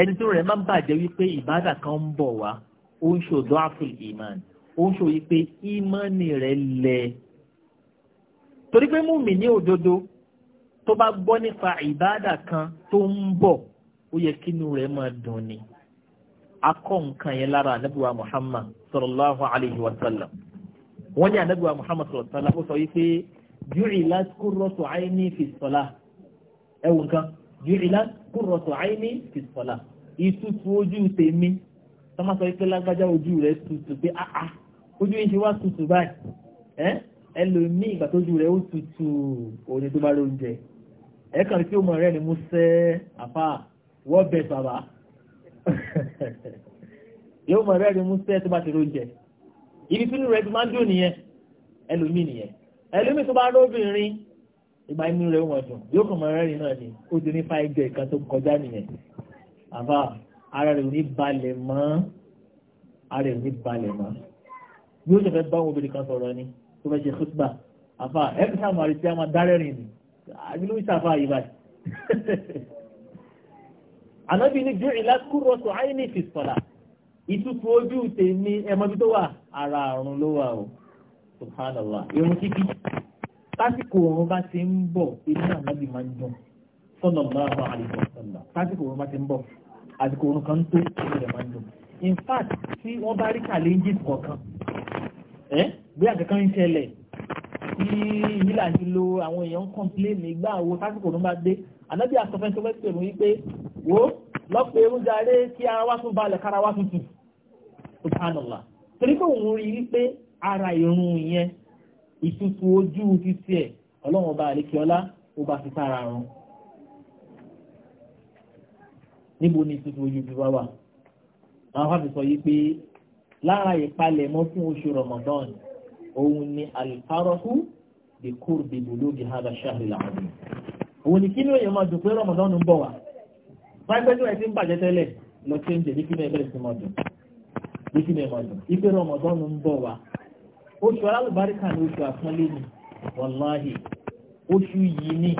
ẹni tó rẹ̀ máa ń bàjẹ́ wípé ìbádà kan ń bọ̀ wá ó ń ṣó dọ́àfùl ìmánì ó ń ṣó wípé ìmánì rẹ̀ lẹ̀ torí pé múmi ní òdodo tó bá gbọ́ nípa ìbádà kan tó ń bọ̀ ó yẹ kínú rẹ̀ máa dùn ni akọ́ nǹkan yẹn lára ànábì Muhammad sallallahu alayhi wa sallam wọ́n ní anábíwá muhammad sọ̀tàlá ó sọ yìí pé jùlá kúrọ̀tù àìní fi sọ̀lá ẹ̀wù nǹkan jùlá kúrọ̀tù àìní fi sọ̀lá ìtutù ojú tèmi tọ́mọ́ sọ pé lágbájá ojú rẹ̀ tutù pé áá ah, ah, ojú yìí ṣe wá tutù báyìí ẹ́ ẹlòmíì ìgbà tójú rẹ̀ ó tutù òní tó bá rí oúnjẹ ẹ kàn sí ọmọ rẹ̀ ni mo sẹ́ àfà wọ́n bẹ̀ bàbá yóò mọ̀ rẹ̀ ni mo sẹ́ tó bá ti rí oúnjẹ ibi sínú rẹ̀ ti máa ń dùn nìyẹn ẹlòmíì nìyẹn ẹlòmíì tó bá lóbìnrin ìgbà inú rẹ̀ wọ̀n dùn yóò kàn mọ́ rẹ́rìn náà ni ó ti ní fáìgẹ̀ kan tó kọjá nìyẹn àbá ara rẹ̀ ò ní balẹ̀ mọ́ ara rẹ̀ ò ní balẹ̀ mọ́ yóò ṣe fẹ́ bá wọn obìnrin kan sọ̀rọ̀ ni tó fẹ́ ṣe khutba àbá ẹ̀ka sáà máa rí sí àwọn adárẹ́rìn ni àbí ló ń ṣàfà yìí báyìí ànábì ní jù ìlà kúrọ̀tù àìní ìtútù ojú tèmi ẹmọdú tó wà ara àrùn ló wà o subhanallah irun kíkí lásìkò òun bá ti ń bọ̀ inú ànábì máa ń dùn sọ́nà ọ̀gbọ́n àlejò sọ́nà lásìkò òun bá ti ń bọ̀ àsìkò òun kan tó inú rẹ̀ máa ń dùn in fact tí wọ́n bá rí challenges kọ̀ọ̀kan ẹ́ bí àkẹ́kọ̀ọ́ ń ṣẹlẹ̀ tí ìyílà ti lo àwọn èèyàn ń complain nígbà wo lásìkò òun bá dé ànábì àsọfẹ́ tó fẹ́ pè mí wípé wo lọ́pọ̀ èrúnjàre kí ara wá tún balẹ̀ kára wá tuntun subhanallah torí pé òun rí wípé ara irun yẹn ìtutù ojú títí ẹ̀ ọlọ́run ọba àríkíọlá ó bá fi sára run níbo ni ìtutù ojú ti wá wà àwọn fàbí sọ yìí pé lára ìpalẹ̀mọ́ fún oṣù Ramadan òun ni alifarahu bí kúrbì bùlógi hada ṣáàrì làwọn òun ni kí ni máa dùn pé Ramadan ń bọ̀ wá báyìí pẹ́ẹ́tù ẹ̀ ti ń bàjẹ́ tẹ́lẹ̀ lọ sí oúnjẹ ní kí ni ẹ bẹ̀rẹ̀ ìdí ni ẹ̀mọ̀ dùn ipe rọmọdọ́nù ń bọ̀ wá oṣù alábàríkà ni oṣù àpọ́nlé ni wàláhì oṣù yìí ni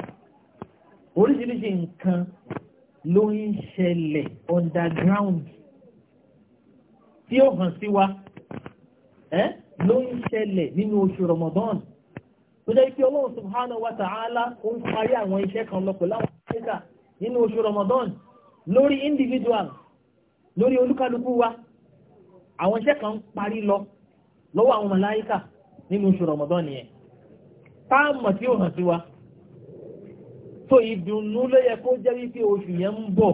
oríṣiríṣi nǹkan ló ń ṣẹlẹ̀ underground tí ó hàn sí wa ló ń ṣẹlẹ̀ nínú oṣù rọmọdọ́nù tó jẹ́ pé ọlọ́run subhanahu wa ta'ala ó ń parí àwọn iṣẹ́ kan lọ pẹ̀lú àwọn ṣẹ́gà nínú oṣù rọmọdọ́nù lórí individual lórí olúkálukú wa àwọn iṣẹ́ kan ń parí lọ lọ́wọ́ àwọn màláíkà nínú oṣù Ramadan nìyẹn táàmù tí ó hàn sí wa so ìdùnnú ló yẹ kó jẹ́ wípé oṣù yẹn ń bọ̀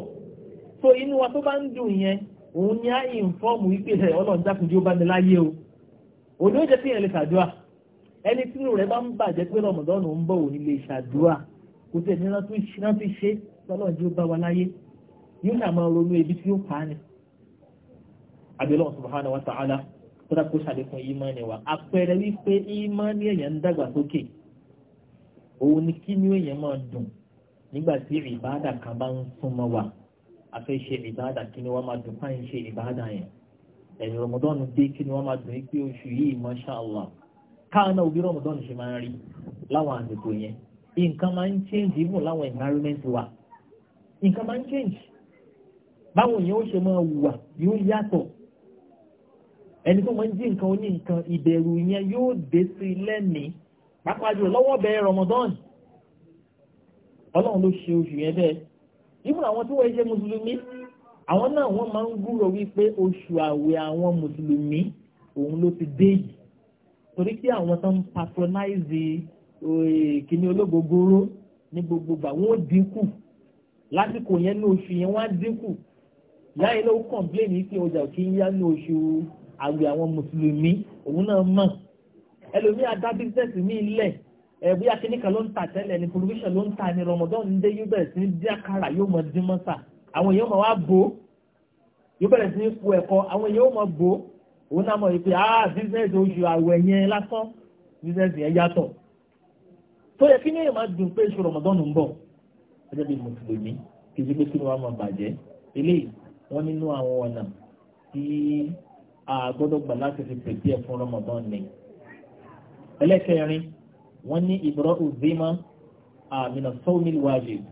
so inú wa tó bá ń dùn yẹn òun ni á ìnfọ́ọ̀mù wípé ẹ̀ ọlọ́run dákun tí ó bá mi o òní ó jẹ́ pé yẹn lè ẹni tínú rẹ̀ bá ń bàjẹ́ pé Ramadan ń bọ̀ òní lè ṣàdúrà kò tẹ̀ ní rántí ṣe lọ́lọ́run tí ó bá wa láyé yóò ṣàmọ́ ronú ebi tí ó pa ni abẹ́lọ́ subhanahu wa ta'ala kódà kó ṣàlékún ìmánì wa àpẹẹrẹ wípé ìmánì èèyàn ń dàgbà sókè òun ni kí ni èèyàn máa dùn nígbà tí ìbáàdà kan bá ń súnmọ́ wa a fẹ́ ṣe ìbáàdà kí ni wọ́n máa dùn fáyín ṣe ìbáàdà yẹn ẹ̀yìn Ramadan dé kí ni wọ́n máa dùn pé oṣù yìí masha Allah káàná òbí Ramadan ṣe máa ń rí láwọn àsìkò yẹn nǹkan máa ń change even láwọn environment wa nǹkan máa ń change báwọn èèyàn ó ṣe máa wùwà yóò yàtọ̀ ẹni tó máa ń jí nǹkan oní nǹkan ìbẹ̀rù yẹn yóò dé sí lẹ́mìí pàápàá lọ́wọ́ bẹ̀rẹ̀ Ramadan ọlọ́run ló ṣe oṣù yẹn bẹ́ẹ̀ ìmọ̀ àwọn tí wọ́n ṣe mùsùlùmí àwọn náà wọ́n máa ń gúrò wípé oṣù àwẹ̀ àwọn mùsùlùmí òun ló ti dé yìí torí pé àwọn tó ń patronize eh, kìíní ológogoro ní gbogbogbà wọ́n dínkù lásìkò yẹn ní oṣù yẹn wọ́n á dínkù láyé ló kọ̀ǹpléènì pé ọjà kì í yá ní oṣù àwẹ̀ àwọn mùsùlùmí òun náà mọ̀ ẹlòmí adá bísẹ́sì ní ilẹ̀ ẹ̀bí akíníkà ló ń tà tẹ́lẹ̀ ní provision ló ń tà ní Ramadan ń dé yóò bẹ̀rẹ̀ sí ní díàkàrà yóò mọ dín mọ́sà àwọn èèyàn máa wá bò ó yóò bẹ̀rẹ̀ sí ní fu ẹ̀kọ́ àwọn èèyàn máa bò ó òun náà mọ̀ yìí pé ah bísẹ́sì oṣù àwẹ̀ yẹn lásán bísẹ́sì yẹn yàtọ̀ tó yẹ kí ní èèyàn máa dùn pé oṣù Ramadan ń bọ̀ ẹjẹ́ bíi mùsùlùmí kì í ṣe pé kí ni wọ́n máa bàjẹ́ eléyìí wọ́n nínú àwọn ọ̀nà tí àgbọ́dọ̀ gbà láti fi pèsè ẹ̀ fún Ramadan ni. ẹlẹ́kẹrin wọ́n ní ìbọ̀rọ̀ òzímọ́ àmìnà sọ́ọ̀mìlì wájib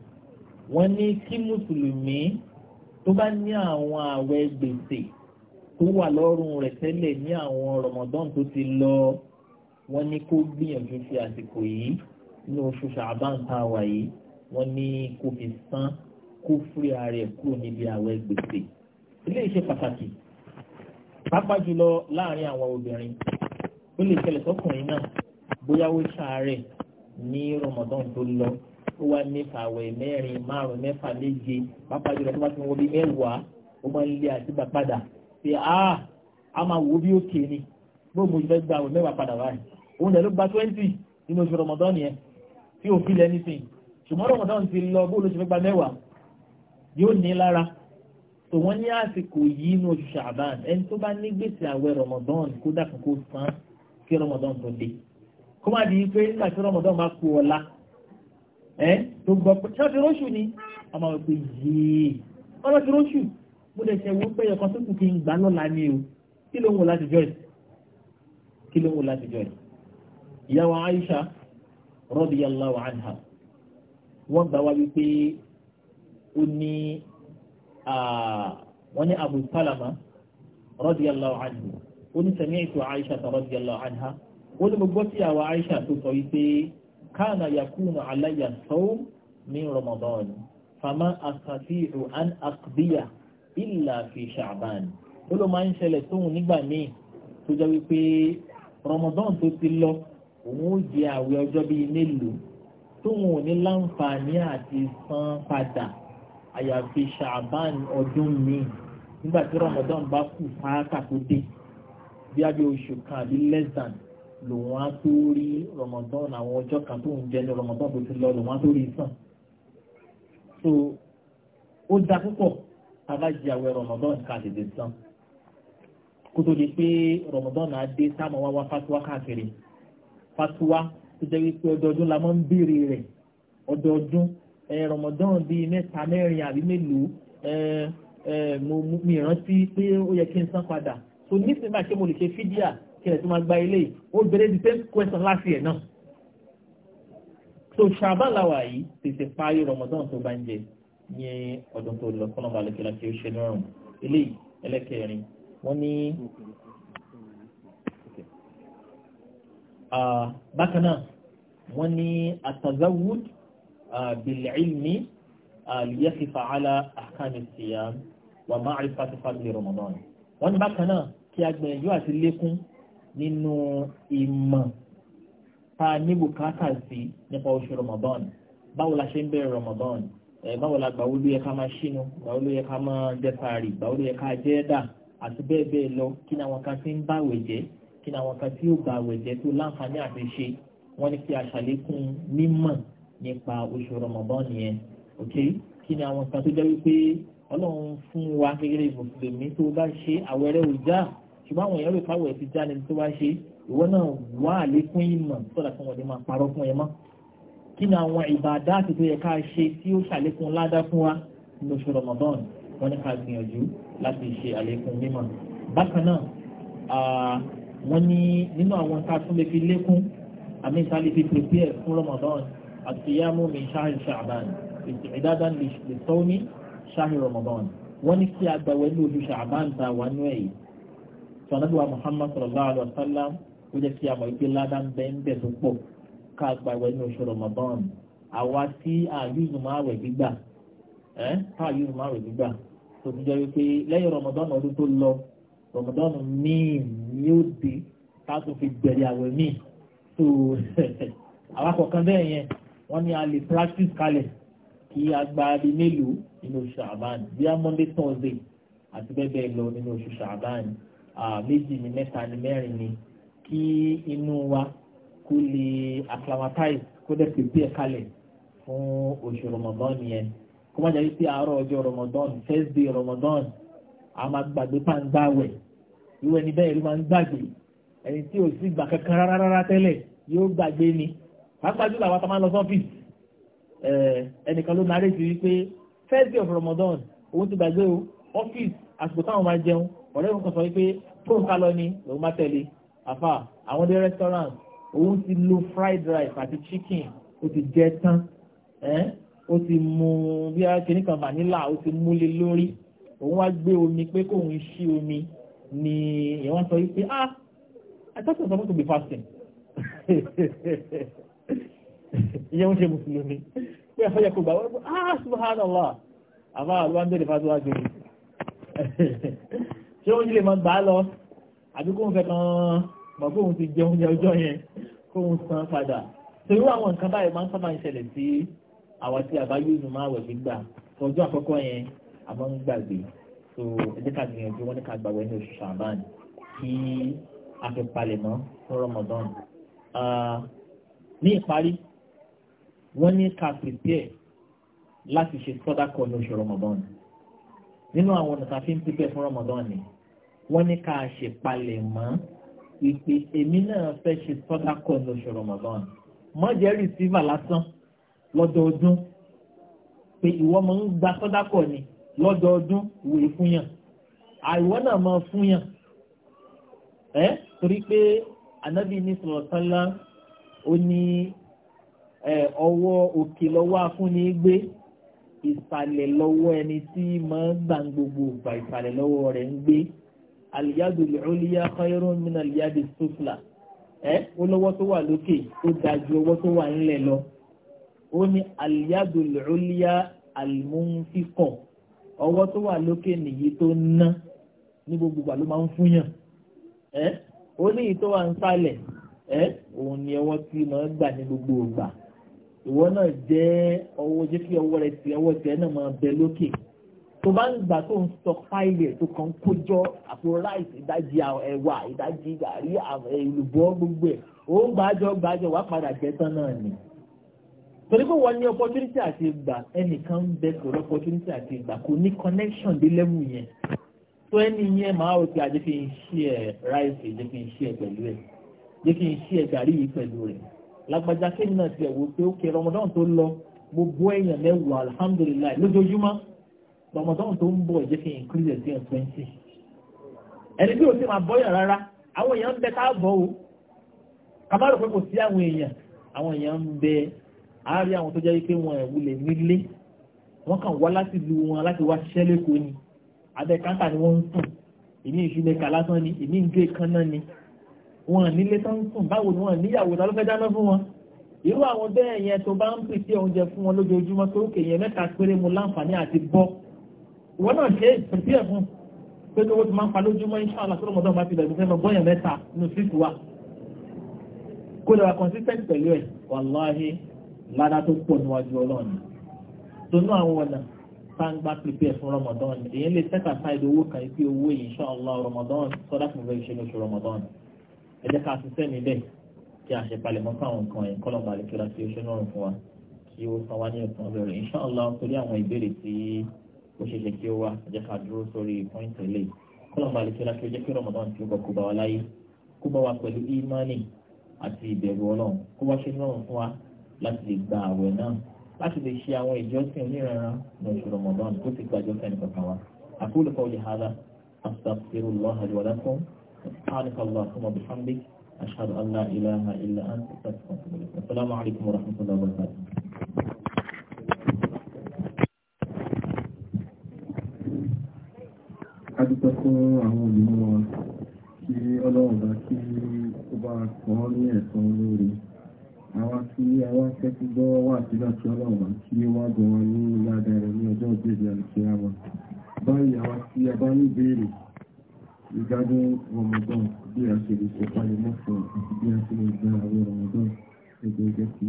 wọ́n ní kí mùsùlùmí tó bá ní àwọn àwẹ̀ gbèsè tó wà lọ́rùn rẹ̀ tẹ́lẹ̀ ní àwọn Ramadan tó ti lọ wọ́n ní kó gbìyànjú fi àsìkò yìí nínú oṣù Ṣàbán tá a wà yìí wọ́n ní kó fi san kó fúri ara ẹ̀ kúrò níbi àwẹ̀ gbèsè ilé iṣẹ́ pàtàkì pápá jùlọ láàrin àwọn obìnrin ó lè ṣẹlẹ̀ sọ́kùnrin náà bóyá ó ṣàárẹ̀ ní Ramadan tó lọ ó wá ní àwẹ̀ mẹ́rin márùn mẹ́fà méje pápá jùlọ tó bá ti wọ́n bí mẹ́wàá ó máa ń lé àtìgbà padà pé a ah, a máa wo bí ó ni bó mo fẹ́ gba àwẹ̀ mẹ́wàá padà báyìí òun dẹ̀ ló gba twenty nínú oṣù Ramadan yẹn tí ò fi lẹ́ni sìn ṣùgbọ́n Ramadan ti lọ bó ló ṣe fẹ́ gba mẹ́wàá yóò ní lára tò wọ́n ní àsìkò yìí ní oṣù ṣàbán ẹni tó bá ní gbèsè àwẹ̀ rọmọdán kó dàkún kó san kí rọmọdán tó dé kó má di pé nígbà tí rọmọdán bá kú ọ̀la ẹ tó gbọ́ pé ṣáà ti róṣù ni a máa wọ pé yìí ọ̀rọ̀ ti róṣù mo lè ṣe wo pé ẹ̀kan tó kù kí n gbà lọ́la ni o kí ló ń wò láti jọ́ kí ló ń wò láti jọ́ ẹ̀ wa Aisha radiyallahu anha wọ́n gbà wá wípé ó ní wọ́n ní Abu Salama radiyallahu anhu ó ní sami'tu Aisha radiyallahu anha ó ní gbogbo tí àwọn Aisha tó sọ wípé kana yakunu alayya sawm min Ramadan fama astati'u an aqdiya illa fi Sha'ban ó ló máa ń ṣẹlẹ̀ tóun nígbà míì tó jẹ́ wípé Ramadan tó ti lọ òun ó jẹ àwẹ̀ ọjọ́ bíi mélòó tóun ò ní láǹfààní àti san padà àyàfi ṣàbán ọdún míì nígbà tí ramadan bá kù fáákà tó dé bí abẹ́ oṣù kan àbí less than lòun á tó rí ramadan àwọn ọjọ́ kan tó ń jẹ ní ramadan tó ti lọ lòun á tó rí sàn so ó da púpọ̀ abájí àwẹ̀ ramadan ká tètè san kó tó di pé ramadan á dé táwọn wá wá fatuwa káàkiri fatuwa tó jẹ́ wípé ọdọọdún la máa ń béèrè rẹ̀ ọdọọdún rọmọdán bíi mẹ́ta mẹ́rin àbí mélòó mo mi rántí pé ó yẹ kí n san padà so nísìnyí bá ṣe mo lè ṣe fídíà kí ẹ̀ tó máa gba ilé ó bẹ̀rẹ̀ the same question láti ẹ̀ náà so ṣàbán làwà yìí tètè parí rọmọdán tó bá ń jẹ ní ọdún tó lọ kọ́nà balẹ̀ kí láti ó ṣe lọ́rùn eléyìí ẹlẹ́kẹrin wọ́n ní ah, bákan náà wọ́n ní atazawud بالعلم ليقف على أحكام الصيام ومعرفة فضل رمضان wọ́n bákan náà kí a gbìyànjú àti lékún nínú ìmọ̀ tá a ní bùkátà sí nípa oṣù Ramadan báwo la ṣe ń bẹ̀rẹ̀ Ramadan báwo la gbàwó ló yẹ ká máa ṣínú gbàwó ló yẹ ká máa jẹ gbàwó ló yẹ ká jẹ ẹ̀dà àti bẹ́ẹ̀ bẹ́ẹ̀ lọ kí ni àwọn kan tí ń bá àwẹ̀ jẹ́ kí ni àwọn kan tí yóò bá àwẹ̀ jẹ́ tó láǹfààní àti ṣe wọ́n ní kí a ṣàlékún mímọ̀ nípa oṣù Ramadan yẹn ok kí ni àwọn kan tó jẹ́ wípé ọlọ́run fún wa gẹ́gẹ́ mùsùlùmí tó bá ṣe àwẹ̀rẹ̀ òjá ṣùgbọ́n àwọn èèyàn rò káwọ̀ ẹ̀ ti já ni tó bá ṣe ìwọ náà wá àlékún ìmọ̀ sọ́dà fún wọn ní máa parọ́ fún ẹ mọ́ kí ni àwọn ìbàdá àti yẹ ká ṣe tí ó ṣàlékún ládá fún wa ní oṣù Ramadan wọn ní ká gbìyànjú láti ṣe àlékún mímọ̀ bákan náà wọ́n ní nínú àwọn tá a tún lè fi lékún àmì ìtàlẹ́ fi prepare fún Ramadan àtìyámú min ṣáhì ṣàbán ìtìdádan lè sọ́ọ́mí ṣáhì ramadan wọ́n ní sí agbáwẹ́ ní ojú ṣàbán ta wà nú ẹ̀yí sọ̀nàdùwà muhammad sallallahu alaihi wa sallam ó jẹ́ sí àmọ́ ìgbé ládàá bẹ́ẹ̀ tó pọ̀ ká agbáwẹ́ ní oṣù ramadan àwa tí àyùzùmọ̀ àwẹ̀ gbígbà ẹ́ tá àyùzùmọ̀ àwẹ̀ gbígbà tó ti jẹ́ wípé lẹ́yìn ramadan ọdún tó lọ ramadan míì ni ó dé ká tó fi bẹ̀rẹ̀ àwẹ̀ míì tó àwọn akọ̀kan bẹ́ẹ̀ yẹn wọ́n ní a lè practice kalẹ̀ kí a gba adi mélòó nínú oṣù ṣàbáàn bí a monday thursday àti bẹ́ẹ̀ bẹ́ẹ̀ lọ nínú oṣù ṣàbáàn méjì ní mẹ́ta ní mẹ́rin ni kí inú wa kó lè acclimatize kó dẹ̀ prepare kalẹ̀ fún oṣù ramadan yẹn kó má jẹ́ pé àárọ̀ ọjọ́ ramadan first day ramadan a máa gbàgbé pàǹgbáwẹ̀ irú ẹni bẹ́ẹ̀ ló máa ń gbàgbé ẹni tí ò sí gbà kankan rárá tẹ́lẹ̀ yóò gbàgbé ni pàápàá jùlọ àwọn tó máa ń lọ sọ́fíìsì ẹnìkan ló narí sí wípé first day of Ramadan òun ti gbàgbé o ọ́fíìsì àsìkò táwọn máa jẹun ọ̀rẹ́ òun kan sọ wípé tóun ká lọ ni lòun máa tẹ̀lé àfà àwọn dé restaurant òun ti lo fried rice àti chicken ó ti jẹ tán ó ti mu bí akínní kan vanilla ó ti múlé lórí òun wá gbé omi pé kóun ṣí omi ni ìwọ́n sọ wípé ah I thought I was supposed to be fasting. ìyẹn ń ṣe mùsùlùmí pé ẹ̀fọ́ yẹ kó gbà wọ́n ah subhanallah àmọ́ àlùwá ń bèrè fatuwa gbèrè ṣé oúnjẹ lè máa gbà á lọ àbí kóun fẹ́ kan mọ̀ kóun ti jẹ oúnjẹ ọjọ́ yẹn kóun san padà torí àwọn nǹkan báyìí máa ń sábà ń ṣẹlẹ̀ sí àwọn tí àbá yóò máa wẹ̀ gbígbà ọjọ́ àkọ́kọ́ yẹn a máa ń gbàgbé so ẹjẹ́ ká gbìyànjú wọn ní ká gbàgbé ní oṣù ṣàbán kí a fi palẹ̀ mọ́ fún ah, ní ìparí wọ́n ní ká prepare láti ṣe sọ́dá kọ ní oṣù Ramadan nínú àwọn ọ̀nà tá a fi ń prepare fún Ramadan ni wọ́n ní ká ṣe palẹ̀ mọ́ ìpè èmi náà fẹ́ ṣe sọ́dá kọ ní oṣù Ramadan mọ́jẹ́ receiver lásán lọ́dọọdún pé ìwọ máa ń gba sọ́dá kọ ni lọ́dọọdún wòye fún yàn àìwọ́ náà máa fún yàn ẹ́ torí pé Ànábì ní sọ̀rọ̀ sánlá ó ní ọwọ́ òkè lọ́wọ́ afúnni gbé ìsàlẹ̀ lọ́wọ́ ẹni tí máa ń gbà gbogbo ìgbà ìsàlẹ̀ lọ́wọ́ rẹ̀ ń gbé aliyadu lẹ́ọ̀lìyà khayrun min aliyadi sufla ẹ ó lọ́wọ́ tó wà lókè ó dáa ju ọwọ́ tó wà ńlẹ̀ lọ ó ní aliyadu lẹ́ọ̀lìyà alimunfikọ̀ ọwọ́ tó wà lókè nìyí tó ná ní gbogbo ìgbà ló máa ń fúnyàn ó ní ìtọ́wà ń sálẹ̀ òun ni ọwọ́ tí máa ń gbà ní gbogbo ìgbà ìwọ náà jẹ́ ọwọ́ jẹ́ kí ọwọ́ rẹ̀ ti ọwọ́ tẹ̀ náà máa bẹ lókè tó bá ń gbà tó ń stockpile ẹ̀ tó kàn ń kójọ àpò rice ìdajì ẹ̀wà ìdajì gàrí ìlùbọ́ gbogbo ẹ̀ ó ń gbàjọ gbàjọ wá padà jẹ tán náà ni torí pé wọ́n ní opportunity àti ìgbà ẹnìkan ń bẹ pẹ̀lú opportunity àti ìgbà kò ní connection dé level yẹn tó ẹni yẹn máa ò tí a jẹ́ kí n ṣí ẹ̀ rice jẹ́ kí n ṣí ẹ̀ pẹ̀lú ẹ̀ jẹ́ kí n ṣí ẹ̀ gàrí yìí pẹ̀lú rẹ̀ lágbájá kí n náà ti ẹ̀wò pé ó kẹ rọmọdán tó lọ gbogbo èèyàn mẹ́wàá alhamdulilayi lójoojúmọ́ rọmọdán tó ń bọ̀ jẹ́ kí n increase ẹ̀ sí ẹ̀ twenty ẹni tí o ti máa bọ́yàn rárá àwọn èèyàn ń bẹ ká bọ́ o kàbárò pé kò sí àwọn èèyàn àwọn èèyàn ń bẹ àárí àwọn tó jẹ́ pé wọn ẹ̀wulẹ̀ nílé wọ́n kàn wá láti lu wọn láti wá ṣiṣẹ́ lẹ́kọ̀ọ́ ni abẹ́ káńtà ni wọ́n ń sùn ìmí ìṣúlẹ̀ka lásán ni wọn nílé tó ń sùn báwo ni wọn níyàwó ta ló fẹ́ dáná fún wọn irú àwọn bẹ́ẹ̀ yẹn tó bá ń pèsè oúnjẹ fún wọn lójoojúmọ́ tó kè yẹn mẹ́ta péré mu láǹfààní àti bọ́ ìwọ náà ṣe pèsè ẹ̀ fún pé owó ti máa ń pa lójúmọ́ inṣàlá tó lọ́mọdé ọba ti bẹ̀rẹ̀ fẹ́ mọ bọ́yàn mẹ́ta nù síkù wa kó lè wà consistent pẹ̀lú ẹ̀ wàláhí ládá tó pọ̀ níwájú ọlọ́run tónú àwọn ọ̀nà sáńgbà pípẹ́ fún Ramadan èyí lè set aside owó kan sí owó inṣàlá Ramadan sọ́dá fún fẹ́ ṣe lóṣù Ramadan ẹ jẹ́ ká ṣiṣẹ́ níbẹ̀ kí a ṣe palẹ̀mọ́ fún àwọn nǹkan yẹn kọ́lọ́mbà lè kíra sí oṣù náà fún wa kí ó san wá ní ẹ̀sán bẹ̀rẹ̀ inṣàlá torí àwọn ìbéèrè tí ó ṣe ṣe kí ó wá ẹ jẹ́ ká dúró sórí pọ́ìntì ilé kọ́lọ́mbà lè kíra kí ó jẹ́ kí Ramadan tí ó bọ̀ kó bá wa láyé kó bá wa pẹ̀lú ìmánì àti ìbẹ̀rù Ọlọ́run kó wá ṣe náà fún wa láti lè gba àwẹ̀ náà láti lè ṣe àwọn ìjọsìn oníranran سبحانك اللهم وبحمدك أشهد أن لا إله إلا أنت أستغفرك السلام عليكم ورحمة الله وبركاته regarding Ramadan bí a ṣe lè ṣe palẹ̀mọ́ fún àti bí a ṣe lè gba àwọn Ramadan ẹgbẹ́ ẹgbẹ́ ti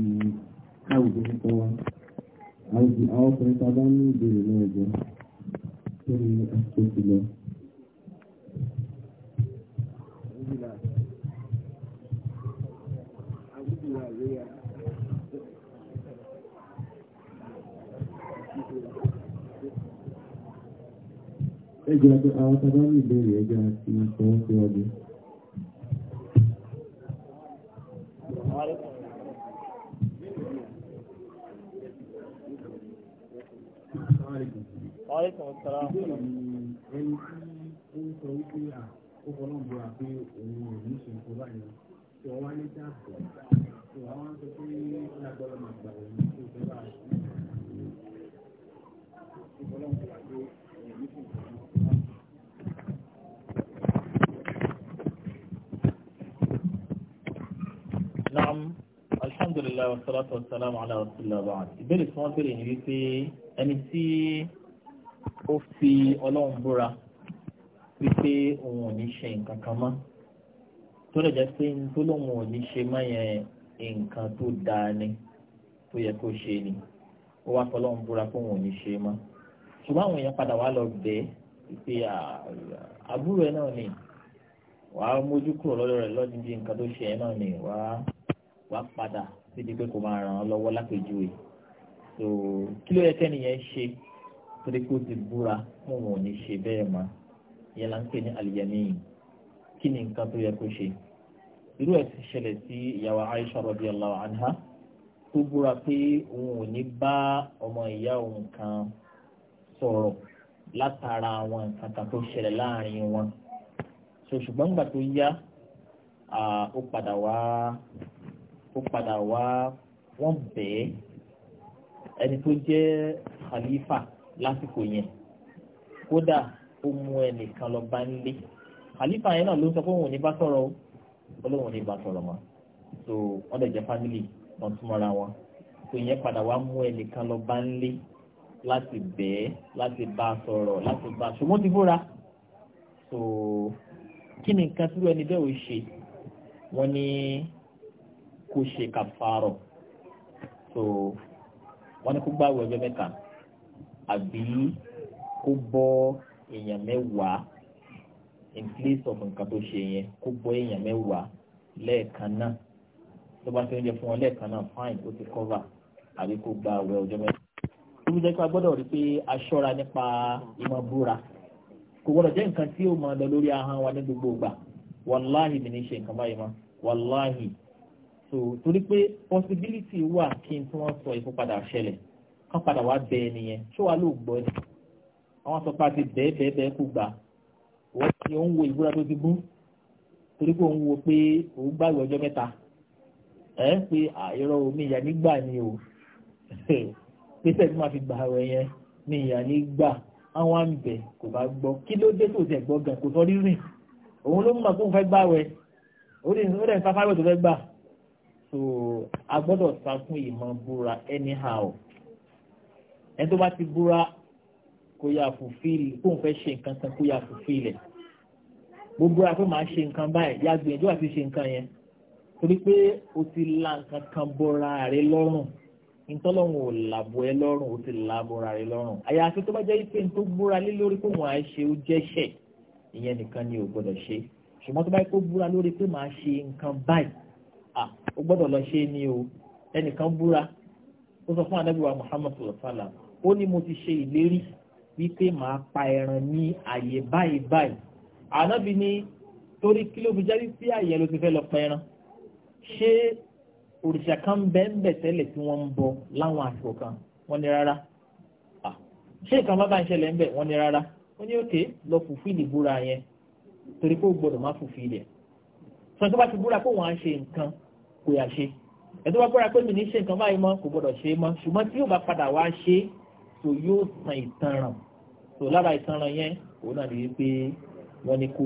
káwùjọ nípa wa àwọn ọkùnrin ta bá ní ìbéèrè náà jẹ́ tó ní àṣìṣe ti lọ. Yeah. ẹjọ́ àti àwọn tàbá ní ìbéèrè ẹjọ́ àti ìṣòwò síwájú. Ẹni tí ó sọ wípé à alhamdulillah wa salatu wa salamu ala rasulillah wa rahmatulah. ìbéèrè tí wọ́n béèrè ni wípé ẹni tí ó fi ọlọ́run búra wípé òun ò ní ṣe nǹkan kan mọ́ tó lè jẹ́ pé tó lóun ò ní ṣe mọ́ yẹn nǹkan tó dáa ni tó yẹ kó ṣe ni ó wá fọlọ́run búra pé òun ò ní ṣe mọ́ ṣùgbọ́n àwọn èèyàn padà wá lọ bẹ́ẹ̀ pé àbúrò ẹ náà ni wàá mójú kúrò lọ́dọ̀ rẹ̀ lọ́dún bíi nǹkan tó ṣe ẹ náà ni wàá wàá padà síbi pé kò máa ràn án lọ́wọ́ lápèjúwe so kí ló yẹ kẹ́nìyẹn ṣe torí kó ti búra fún òun ò ní ṣe bẹ́ẹ̀ mọ́ ìyẹn là ń pè ní àlìyàmíyìn kí ni nǹkan tó yẹ kó ṣe irú ẹ̀ ti ṣẹlẹ̀ sí ìyàwó Aisha radiyallahu anha tó búra pé òun ò ní bá ọmọ ìyá òun kan sọ̀rọ̀ látara àwọn nǹkan kan tó ṣẹlẹ̀ láàrin wọn so ṣùgbọ́n nígbà tó yá ó padà wá ó padà wá wọ́n bẹ́ẹ̀ ẹni tó jẹ́ khalifa lásìkò yẹn kódà ó mú ẹnìkan lọ bá ń khalifa yẹn náà ló sọ pé òun ò ní bá sọ̀rọ̀ ó lóun ò ní bá sọ̀rọ̀ mọ́ so wọ́n dẹ̀ jẹ́ family kan túmọ̀ra wọn tó yẹn padà wá mú ẹnìkan lọ bá ń láti bẹ́ẹ̀ láti bá sọ̀rọ̀ láti bá ṣùgbọ́n ti fúnra so kí ni nǹkan tí wọ́n ẹni bẹ́ẹ̀ ò ṣe wọ́n ní kó ṣe kàfàrọ̀ so wọ́n ní kó gbààwẹ̀ ọjọ́ mẹ́ta àbí kó bọ́ èèyàn mẹ́wàá in place of nǹkan tó ṣe yẹn kó bọ́ èèyàn mẹ́wàá lẹ́ẹ̀kan náà tó bá ti ń jẹ fún wọn lẹ́ẹ̀kan náà fine ó ti cover àbí kó gbààwẹ̀ ọjọ́ mẹ́ta. tó bí jẹ́ pé a gbọ́dọ̀ rí pé a nípa ìmọ̀ búra kò gbọ́dọ̀ jẹ́ nǹkan tí ó máa lọ lórí ahọ́n wa ní gbogbo ìgbà wàláhì mi ní ṣe nǹkan báyìí mọ́ wàláhì so torí pé possibility wà kí n tí wọ́n sọ ìfúnpadà ṣẹlẹ̀ kán padà wá bẹ ẹni yẹn ṣó wàá ló gbọ́ ẹ̀ àwọn sọ pé a ti bẹ́ẹ̀ bẹ́ẹ̀ bẹ́ẹ̀ kú gbà wọ́n ti ń wo ìbúra tó ti bú torí pé òun wo pé òun gbàgbé ọjọ́ mẹ́ta ẹ̀ ń pe àìrọ̀ omi ìyá nígbà ni o pèsè tí máa fi gbà rẹ̀ yẹn ni ìyá nígbà àwọn àmìbẹ̀ kò bá gbọ́ kí ló dé tó tẹ̀ gbọ́ gan kò sọ rírìn òun ló mọ̀ kó fẹ́ gbà rẹ̀ ó dẹ̀ ń sáfárẹ̀ tó fẹ́ gbà so a gbọ́dọ̀ sá fún ìmọ̀ búra anyhow ẹni tó bá ti búra kó yá fulfill kó n fẹ́ ṣe nǹkan kan kó yá fulfill ẹ̀ bó búra pé màá ṣe nǹkan báyìí yá gbìyànjú àti ṣe nǹkan yẹn torí pé o ti la nǹkan kan bọ́ra rẹ lọ́rùn ntọ́lọ́run ò làbọ̀ ẹ lọ́rùn o ti la bọ́ra rẹ lọ́rùn àyàfi tó bá jẹ́ pé n tó búra lé lórí pé wọ́n á ṣe ó jẹ́ṣẹ̀ ìyẹn nìkan ni ò gbọ́dọ̀ ṣe ṣùgbọ́n tó bá yẹ kó búra lórí pé màá ṣe nǹkan báyìí à ó gbọ́dọ̀ lọ ṣe é o ẹnìkan búra ó sọ fún anábìwá Muhammad sọlọ́sálà ó ní mo ti ṣe ìlérí wípé màá pa ẹran ní àyè báyìí báyìí ànábì ní torí kí ló fi jáde sí àyè ló ti fẹ́ lọ pa ẹran ṣé òrìṣà kan bẹ́ẹ̀ ń bẹ̀ tẹ́lẹ̀ tí wọ́n ń bọ láwọn àsìkò kan wọ́n ní rárá ṣé nǹkan bá bá ń ṣẹlẹ̀ ń bẹ̀ wọ́n ní rárá wọ́n ní òkè lọ fùfú ìdìbúra yẹn torí pé ó gbọ́dọ̀ má fùfú ilẹ̀ sọ tó bá ti búra pé wọ́n á ṣe nǹkan kò yà ṣe ẹ̀ tó bá búra pé mi ní ṣe nǹkan báyìí mọ́ kò gbọ́dọ̀ ṣe é mọ́ ṣùgbọ́n tí yóò bá padà wá ṣe tó yóò tan ìtanràn tó lára ìtanràn yẹn òun náà nìyí pé wọ́n ní kó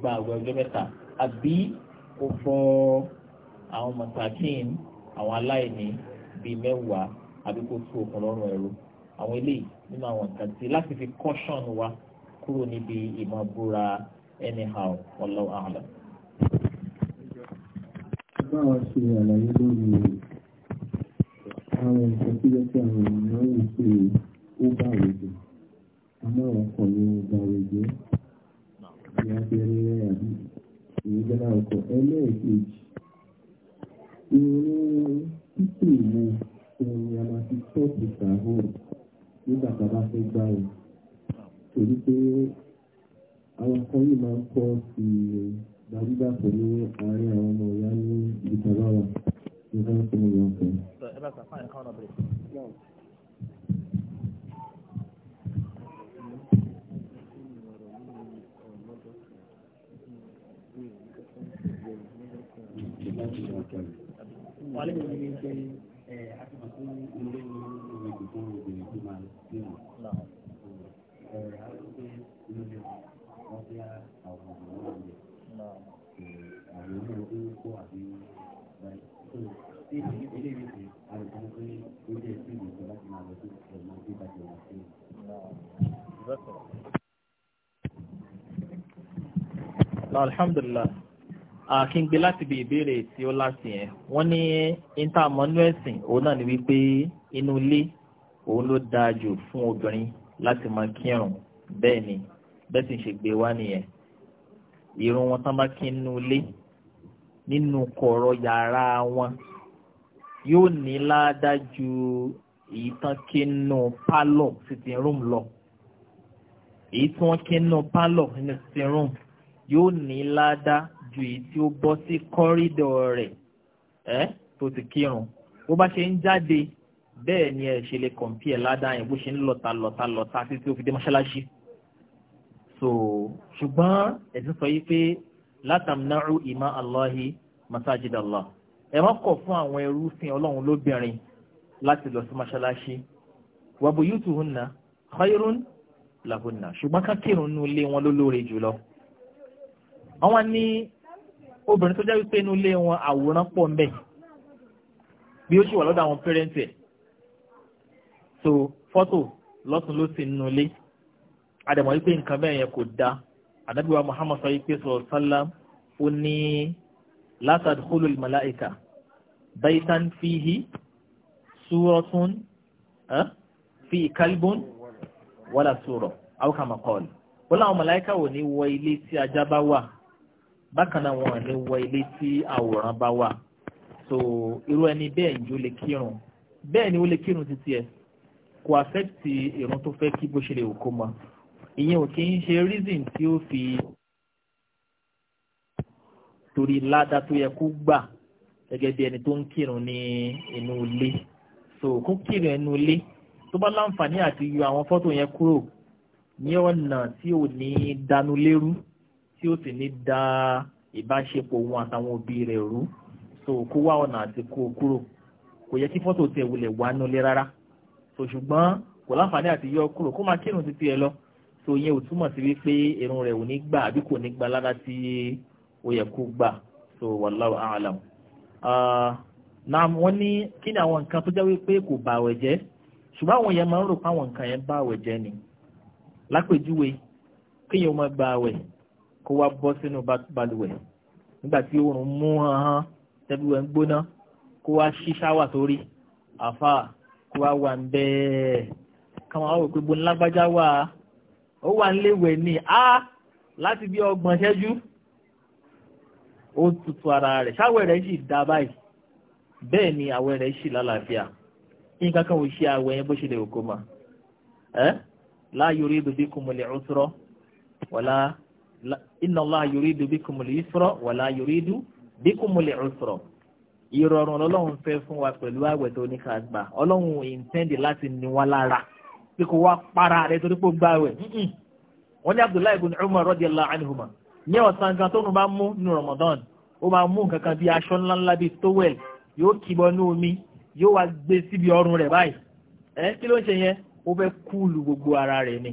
gba àwẹ̀ ọjọ́ mẹ́ta àbí kó fọ́ àwọn mọ̀tàkìn àwọn aláìní bíi mẹ́wàá àbí kó tú okùn lọ́rùn ẹ̀rọ àwọn eléyìí nínú àwọn nǹkan tí láti fi kọ́ṣọ́n wa kúrò níbi ìmọ̀ búra anyhow wallahu a'lam. báwa ṣe àlàyé lórí àwọn nǹkan tí ó fẹ́ àwọn ènìyàn ń pè ó bá wẹ̀jẹ̀ àmọ́ àwọn kan ní ó bá wẹ̀jẹ̀ ní abẹ́rẹ́ rẹ̀ àbí èyí jẹ́ láwọn ẹlẹ́ẹ̀kejì irun títì ìlú òun gbajúgbà kò ní àárín àwọn ọmọ ìyá ní ìtàbáwà ní ká fún ìyá ọ̀fẹ́. wàhálà ìwé ni pé a ti mọ̀ sí ilé ní ìwé ìdìbò ìgbìyànjú máa ń gbìyànjú. kó àbí báyìí tó tí ilé ìwé ṣe àrùkàn pé ó jẹ́ láti máa lọ sí ọ̀nà tí bàjẹ́ wà sí. alhamdulillah àkíngbé láti bí ìbéèrè tí ó láti yẹn wọ́n ní intanmọ́nú ẹ̀sìn òun náà ni wípé inú ilé òun ló dáa jù fún obìnrin láti máa kírun bẹ́ẹ̀ ni bẹ́ẹ̀ sì ń ṣe gbé wá nìyẹn ìrun wọn tán bá kí inú ilé nínú kọ̀rọ̀ yàrá wọn yóò ní ládájú èyí tán kínú pálọ̀ sitting room lọ èyí tí wọ́n kínú pálọ̀ nínú sitting room yóò ní ládá ju èyí tí ó bọ́ sí kọ́rídọ̀ rẹ̀ ẹ́ tó ti kírun bó bá ṣe ń jáde bẹ́ẹ̀ ni ẹ̀ ṣe lè kọ̀m̀pì ẹ̀ ládá yẹn bó ṣe ń lọ́ta lọ́ta lọ́ta títí ó fi dé mọ́ṣáláṣí so ṣùgbọ́n ẹ̀sìn sọ yí pé látàmnáru ìmá aláhi masajidala ẹ má kọ̀ fún àwọn ẹrúfin ọlọ́run lóbìnrin láti lọ sí mọ́ṣáláṣí wàbù yútu hunna khairun lahunna ṣùgbọ́n ká kírun nínú ilé wọn ló lóore jùlọ. àwọn ní obìnrin tó jẹ́ wípé inú ilé wọn àwòrán pọ̀ ń bí ó ṣì wà lọ́dọ̀ àwọn pẹ́rẹ́ǹtì ẹ̀ so fọ́tò lọ́tún ló sì nínú ilé àdàmọ̀ wípé nǹkan bẹ́ẹ̀ yẹn kò dáa àdábíwá muhammad sọ pé sọ sálá ó ní látàdí hólùl màláìka baitan fihi súrọ́tún eh, fi kalbun wala súrọ̀ aukamakol wọ́n láwọn màláìka wò ní wọ ilé tí ajá bá wà bákan náà wọn ní wọ ilé tí àwòrán bá wà so irú ẹni bẹ́ẹ̀ ni ó lè kírun bẹ́ẹ̀ ni ó lè kírun títí ẹ kò àfẹ́tì ìrun tó fẹ́ kí bó ṣe lè wò mọ́ ìyẹn ò kí ń ṣe reason tí ó fi torí ládàá tó yẹ kó gbà gẹ́gẹ́ bí ẹni tó ń kírun ní inú ilé so kó kírun inú ilé tó bá láǹfààní àti yọ àwọn fọ́tò yẹn kúrò ní ọ̀nà tí ò ní dánú lérú tí ó sì ní dá ìbáṣepọ̀ òun àtàwọn òbí rẹ̀ rú so kó wá ọ̀nà àti kó kúrò kò yẹ kí fọ́tò tiẹ̀ wulẹ̀ wà nulẹ̀ rárá so ṣùgbọ́n kò láǹfààní àti yọ kúrò kó máa kírun títí ẹ lọ so yẹn ò túmọ̀ sí wípé irun rẹ̀ ò ní gbà àbí kò ní gbà lára tí ó yẹ kó gbà so wallahu a'lam. Ah, na wọ́n ní kí ni àwọn nǹkan tó jẹ́ wípé kò bà àwẹ̀ jẹ́ ṣùgbọ́n àwọn yẹn máa ń rò pé àwọn nǹkan yẹn bà àwẹ̀ jẹ́ ni lápèjúwe kéèyàn máa gba àwẹ̀ kó wá bọ́ sínú balùwẹ̀ nígbà tí oòrùn mú hàn tẹ́bí ń gbóná kó wá ṣí ṣáwà sórí àfà kó wá wà ń bẹ́ẹ̀ káwọn àwọn òpin gbóná lágbájá wà á ó wà níléèwé ní a láti bí ọgbọ̀n ṣẹ́jú ó tutù ara rẹ̀ ṣáwẹ̀ rẹ̀ sì dá báyìí bẹ́ẹ̀ ni àwẹ̀ rẹ̀ sì lálàáfíà nǹkan kan ò ṣe àwẹ̀ yẹn bó ṣe lè kó mà la yuridu bikumul usra wala wala yuridu bikumul usra ìrọ̀rùn ọlọ́run fẹ́ fún wa pẹ̀lú àwẹ̀ tó ní ká gbà ọlọ́run intend láti ní wá lára pé kò wá para rẹ̀ torí pé ó gbá rẹ̀ wọ́n ní Abdullahi ibn Umar radiyallahu anhuma ní ọ̀sán gan tó ń bá mú nínú Ramadan ó máa mú nǹkan kan bí aṣọ ńláńlá bíi towel yóò kìbọ̀ ní omi yóò wá gbé síbi ọrùn rẹ̀ báyìí ẹ kí ló ń ṣe yẹn ó fẹ́ kúùlù gbogbo ara rẹ̀ ni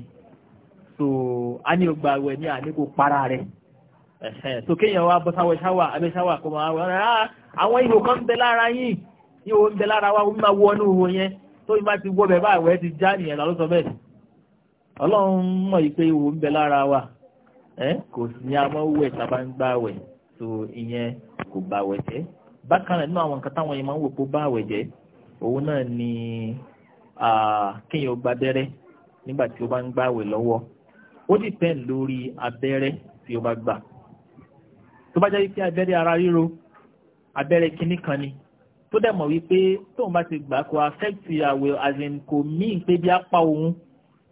so a ní ọgbà wẹ̀ ní àníkò para rẹ̀ so kéèyàn wá bọ́ sáwọ́ ṣáwà abẹ́ ṣáwà kó máa wọ àwọn ihò kan ń bẹ lára yín ihò ń bẹ lára wa ó máa wọ inú ihò yẹn tó ìbá ti wọ́ bẹ̀ báyìí wẹ́ ti já nìyẹn lọ́lọ́ sọ bẹ́ẹ̀ ọlọ́run mọ̀ yìí pé ìwò ń bẹ lára wa kò sí ní amọ́ wẹ̀ sábà ń gbà wẹ̀ tó ìyẹn kò bá wẹ̀ jẹ́ bákan náà nínú àwọn nǹkan táwọn yẹn máa ń wò pé bá wẹ̀ jẹ́ òun náà ni kéèyàn ó gba abẹ́rẹ́ nígbà tí ó bá ń gbà wẹ̀ lọ́wọ́ ó depend lórí abẹ́rẹ́ tí ó bá gbà tó bá jẹ́ pé abẹ́rẹ́ ara ríro abẹ́rẹ́ kinní kan ni tó dẹ̀ mọ̀ wípé tóun bá ti gbà kó affect àwẹ̀ àzìn kò mí pé bí apá òun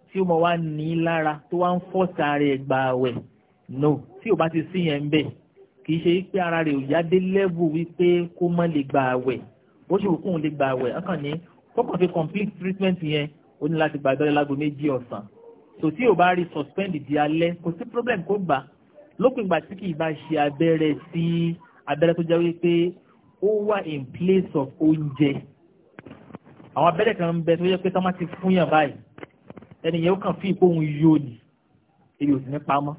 tí ó mọ̀ wá ní lára tó wá ń fọ́ sáré gba àwẹ̀ no tí ò bá ti sí yẹn ń bẹ̀ ṣe pé ara rẹ̀ ò yá dé level wípé kó mọ́ lè gba àwẹ̀ ó ṣe òkú òun lè gba àwẹ̀ ọkàn ní kọ́kàn fi complete treatment yẹn ó ní láti gba abẹ́rẹ́ láago méjì ọ̀sán so tí ò bá rí suspend di alẹ́ kò sí problem kó gbà lópin ìgbà tí kì í bá ṣe abẹ́rẹ́ sí abẹ́rẹ́ tó jẹ́ wípé Over in place of oúnjẹ àwọn abẹ́rẹ́ kan ń bẹ tó yẹ pé sọ́mọ́ ti fún yàn báyìí ẹni yẹn ó kàn fi ìpóhùn yóò ní èyí ò sì ní pamọ́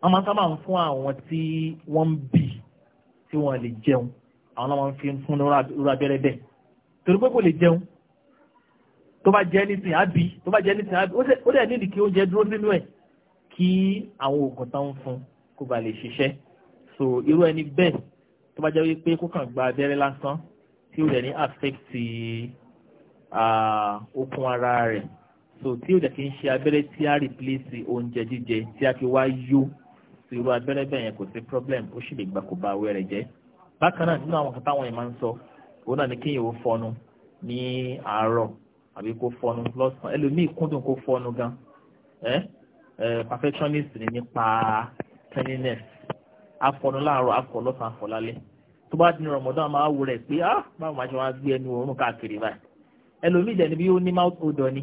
wọ́n máa ń sábà ń fún àwọn tí wọ́n ń bì tí wọ́n lè jẹun àwọn náà máa ń fi fún lórí abẹ́rẹ́ bẹ́ẹ̀ torí pé kò lè jẹun tó bá jẹ́ nísìn àbí tó bá jẹ́ nísìn àbí ó dẹ̀ nídìí kí oúnjẹ dúró nínú ẹ̀ kí àwọn oògùn tán ń fún kó ba lè ṣiṣẹ́ so irú ẹni bẹ́ẹ̀ tó bá jẹ́ wípé kó kàn gba abẹ́rẹ́ lásán tí ó dẹ̀ ní affect okun ara rẹ̀ so tí ó dẹ̀ kí ń ṣe abẹ́rẹ́ tí a replace oúnjẹ jíjẹ tí a fi wá yó sí irú abẹ́rẹ́ bẹ́ẹ̀ yẹn kò sí problem ó sì lè gbà kó ba awẹ́ rẹ̀ jẹ́ bákan náà nínú àwọn kàtà àwọn yẹn máa ń sọ òun náà ni kéèyàn ó fọnu ní àárọ̀ àbí kó fọnu lọ́sàn-án ẹlòmíì kúndùn kó fọnu gan ẹ ẹ perfectionist ni nípa cleanliness afọnu láàárọ̀ afọ lọ́sàn-án afọ lálẹ́ tó bá ti ní Ramadan máa wò rẹ̀ pé ah báwo máa ṣe wá gbé ẹnu òórùn káàkiri báyìí ẹlòmíì dẹ̀ ni bí ó ní mouth odor ni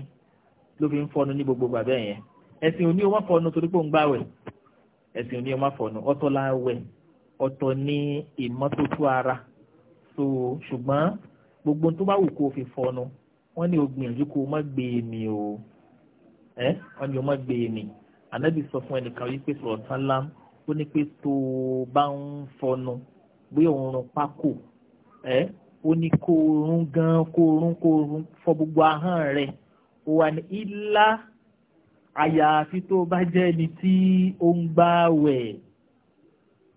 ló fi ń fọnu ní gbogbo gbà bẹ́ẹ̀ yẹn ẹ̀sìn òní o má fọnu torí pé ó ń gbàwẹ̀ ẹ̀sìn òní o fọnu ọ̀tọ̀ la wẹ̀ ọ̀tọ̀ ní ìmọ́tótó ara so ṣùgbọ́n gbogbo tó bá wù kó o fi fọnu wọ́n ní o gbìyànjú kó o má gbé e mì o ẹ́ wọ́n ní o má gbé e mì ànábì sọ fún ẹnìkan wípé sọ̀rọ̀ tán lám ó ní pé tó o bá ń fọnu pé òórùn pákó ẹ́ ó ní kóorun gan kóorun kóorun fọ gbogbo ahọ́n rẹ̀ ó wà ní ilá àyàfi tó bá jẹ́ ẹni tí ó ń gbààwẹ̀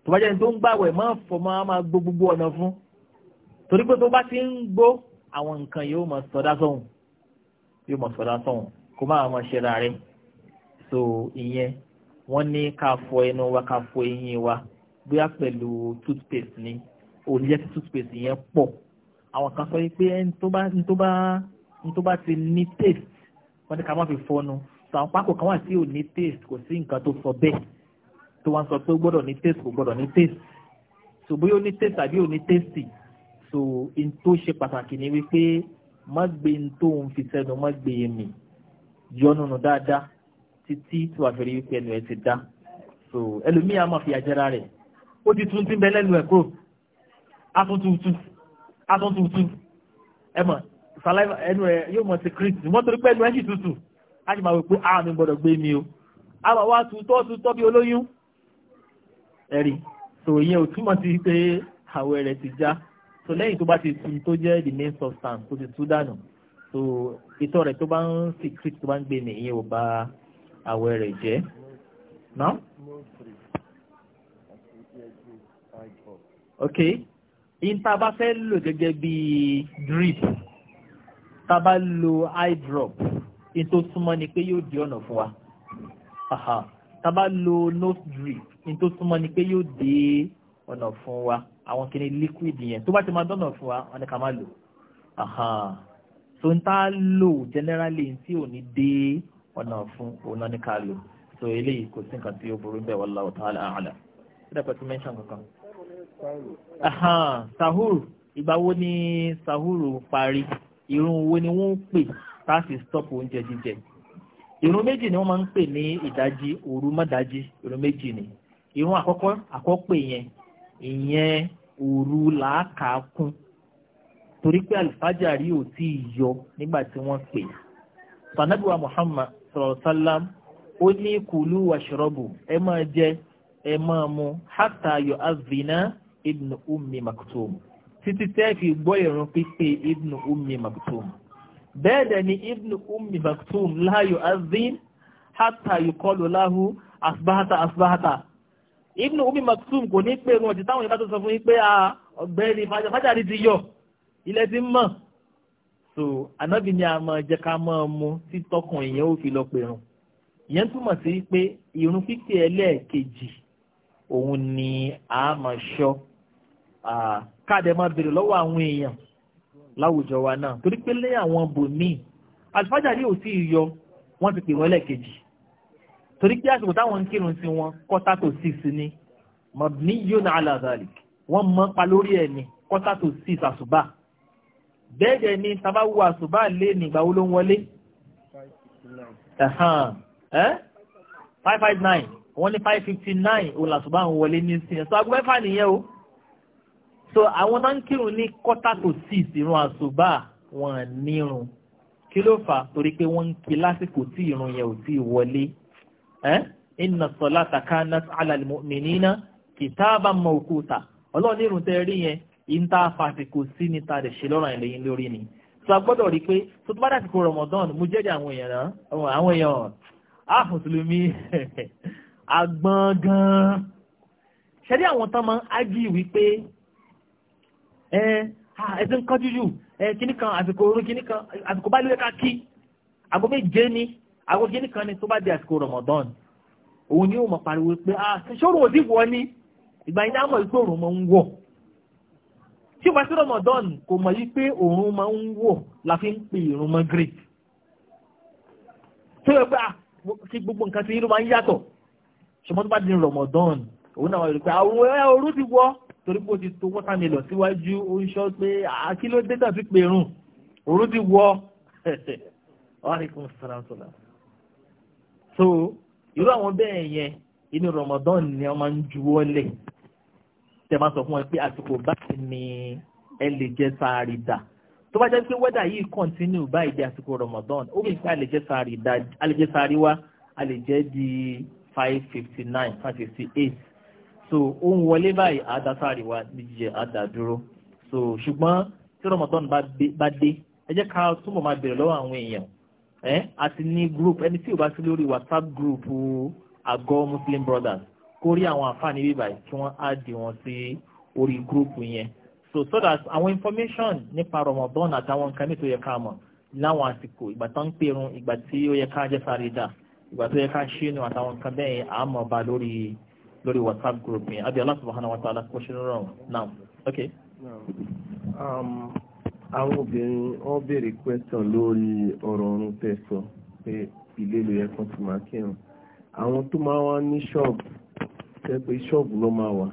tó bá jẹ́ ẹni tó ń gbààwẹ̀ máa fọ máa máa gbó gbogbo ọ̀nà fún torí pé tó bá ti ń gbó àwọn nǹkan yóò máa sọdá sọ́hùn yóò máa sọdá sọ́hùn kó máa máa ṣera rẹ̀ so ìyẹn wọ́n ní ká fọ ẹnu wa ká fọ eyín wa bóyá pẹ̀lú toothpaste ni oníjẹ́ tí toothpaste yẹn pọ̀ àwọn kan sọ pé ẹni tó bá ní tó bá ní tó bá ti ní taste wọ́n ní ká má fi fọ́nu sàwọn pákó kan wà tí ò ní taste kò sí nǹkan tó sọ bẹ́ẹ̀ tó wá ń sọ pé ó gbọ́dọ̀ ní taste kò gbọ́dọ̀ ní taste so bóyá ó ní taste àbí ò ní taste so n tó ṣe pàtàkì ni wípé má gbé n tó ń fi sẹ́nu má gbé e mì yọnu nù dáadáa títí tí wàá fẹ́rẹ̀ wípé ẹnu ẹ ti dá so ẹlòmíì á máa fi àjẹrà rẹ̀ ó ti tún bẹ lẹ́nu ẹ̀ kúrò atúntúntú atúntúntú ẹ mọ̀ saliva ẹnu ẹ yóò mọ̀ sí kristi wọ́n torí pé ẹnu ẹ sì tútù a sì máa wò pé àwọn mi gbọ́dọ̀ gbé mi o a máa wá tutọ́ tutọ́ bí olóyún ẹ̀rí so ìyẹn ò túmọ̀ sí pé àwẹ̀ rẹ̀ ti já so lẹ́yìn tó bá ti tu tó jẹ́ the main substance tó ti tú dànù so ìtọ̀ rẹ̀ tó bá ń sì kristi tó bá ń gbé mi ìyẹn ò bà àwẹ̀ rẹ̀ jẹ́ náà. ok yín tá a bá fẹ́ lò gẹ́gẹ́ bí drip tá a bá lo eye drop yín tó súnmọ́ ni pé yóò di ọ̀nà fún wa aha tá bá lo nose drip yín tó súnmọ́ ni pé yóò di ọ̀nà fún wa àwọn kìíní liquid yẹn tó bá ti máa dọ́nà fún wa wọn ni ká máa lò aha so n tá a lò generally tí ò ní dé ọ̀nà fún òun náà ni ká lò so eléyìí kò sí nǹkan tí ó burú bẹ́ẹ̀ wallahu ta'ala a'lam. Ṣé dàpẹ́ tí mẹ́ńṣán kankan? sahur ìgbà wo ni sahur parí irun wo ni wọ́n ń pè láti stop oúnjẹ jíjẹ irun méjì ni wọ́n máa ń pè ní ìdájí òru mọ́dájí irun méjì ni irun àkọ́kọ́ àkọ́pè yẹn ìyẹn òru làákàákún torí pé alifájàrí ò tí ì yọ nígbà tí wọ́n pè sanabiwa muhammad sallallahu sallam ó ní kùlú wàṣọrọbù ẹ máa jẹ ẹ máa mu hátà yọ azina ibn umi maktum títí tẹ́ fi gbọ́ ìrun pípé ibn ummi maktum bẹ́ẹ̀ dẹ̀ ni ibn ummi maktum láàyò azin hátà yùkọlù láhú asbáhátà asbáhátà ibn umi maktum kò ní pé wọn ti táwọn ìbá tó sọ fún yín pé ah, ọgbẹ́ni fájáde ti yọ ilẹ̀ ti mọ̀ so anábì ni a máa jẹ́ ká máa mú títọ́kùn ìyẹn ó fi lọ pèrún ìyẹn túmọ̀ sí pé ìrun pípé ẹlẹ́ẹ̀kejì òun ni a máa ṣọ́ káàdẹ̀ máa bèrè lọ́wọ́ àwọn èèyàn láwùjọ wa náà torí pé lé àwọn bòmíì alifájàrí ò sí yọ wọ́n ti pè wọ́n lẹ́ẹ̀kejì torí pé àsìkò táwọn ń kírun sí wọn kọ́tà tó six ni mọ̀bìnì yóò náà làzàlì wọ́n mọ́ pa lórí ẹ̀ ni kọ́tà tó six àṣùbà bẹ́ẹ̀ dẹ̀ ni sábà wo àṣùbà lé nígbà wo ló ń wọlé five five nine wọ́n ní five fifty nine òun làṣùbà ń wọlé ní sinmi so agbẹ́fà nìyẹn o so àwọn tó ń kírun ní quarter to six ìrun àsùbà wọn nírun kí ló fà torí pé wọ́n ń kí lásìkò tí ìrun yẹn ò tí ì wọlé inna salata kanat ala almu'minina kitaban mawquta ọlọ́ọ̀ni ìrun tẹ́ rí yẹn ìta fàṣìkò sí ní ta lè ṣe lọ́rọ̀ ìlẹ́yìn lórí ni so a gbọ́dọ̀ rí pé tó tó bá dàsìkò Ramadan mo jẹ́jẹ́ àwọn èèyàn náà àwọn èèyàn á mùsùlùmí agbọ́n gan àwọn tán máa ń ágì wípé Eh, ẹ̀sìn kan jújù eh, kíní kan àsìkò orun kíní kan àsìkò bá lóye ká kí àgọ́ méje ni àgọ́ kíní kan ni tó bá di àsìkò Ramadan òun ni ó mọ̀ pariwo pé ṣòro òdì wọ ni ìgbà yìí dáhùn ìpè òrùn máa ń wọ̀ tí wàá sí Ramadan kò mọ̀ yí pé òrùn máa ń wọ̀ la fi ń pè ìrùn mọ́ greek tó yẹ pé ah, kí gbogbo nǹkan ti yín ló máa ń yàtọ̀ ṣùgbọ́n tó bá di Ramadan òun náà wà lórí pé àwọn òrùn ti wọ̀ torí pé ó ti to wọ́tàmílọ̀ síwájú ó ń sọ pé àkí ló dé tàbí pèrún òun ti wọ ọ̀rẹ́kùn sàrànsọ̀là. so irú àwọn bẹ́ẹ̀ yẹn inú Ramadan ni wọ́n máa ń juwọ́ lẹ̀ tẹ́ máa sọ fún wọn pé àsìkò báyìí ni ẹ lè jẹ sáárì dà tó bá jẹ́ pé wẹ́dà yìí kọ́ntínú báyìí di àsìkò Ramadan ó bìí pé a lè jẹ sáárì wá a lè jẹ di five fifty nine five fifty eight so ó ń wọlé báyìí àádásáàrí wa jíjẹ àádádúró so ṣùgbọ́n tí Ramadan bá dé ẹ jẹ́ ká túnbọ̀ máa bèrè lọ́wọ́ àwọn èèyàn ẹ́ àti ní group ẹni tí ò bá sí lórí WhatsApp group àgọ́ Muslim Brothers kó rí àwọn àǹfààní bíbà kí wọ́n á di wọn sí orí group yẹn so so that àwọn information nípa Ramadan àtàwọn nǹkan mi tó yẹ ká mọ̀ láwọn àsìkò ìgbà tó ń pèrun ìgbà tí ó yẹ ká jẹ́ sáré dà ìgbà tó yẹ ká ṣínú àtàwọn nǹkan bẹ́ẹ̀ àmọ̀ bá lórí whatsapp group yẹn àbí Allah subhanahu wa ta'ala kó ṣe rọrùn now ok. Um, àwọn obìnrin wọn béèrè question lórí ọ̀rọ̀ ọ̀run tẹ̀ sọ pé ilé ló yẹ kó ti máa kírun àwọn tó máa wá ní ṣọ́ọ̀bù tẹ́ pé ṣọ́ọ̀bù ló máa wà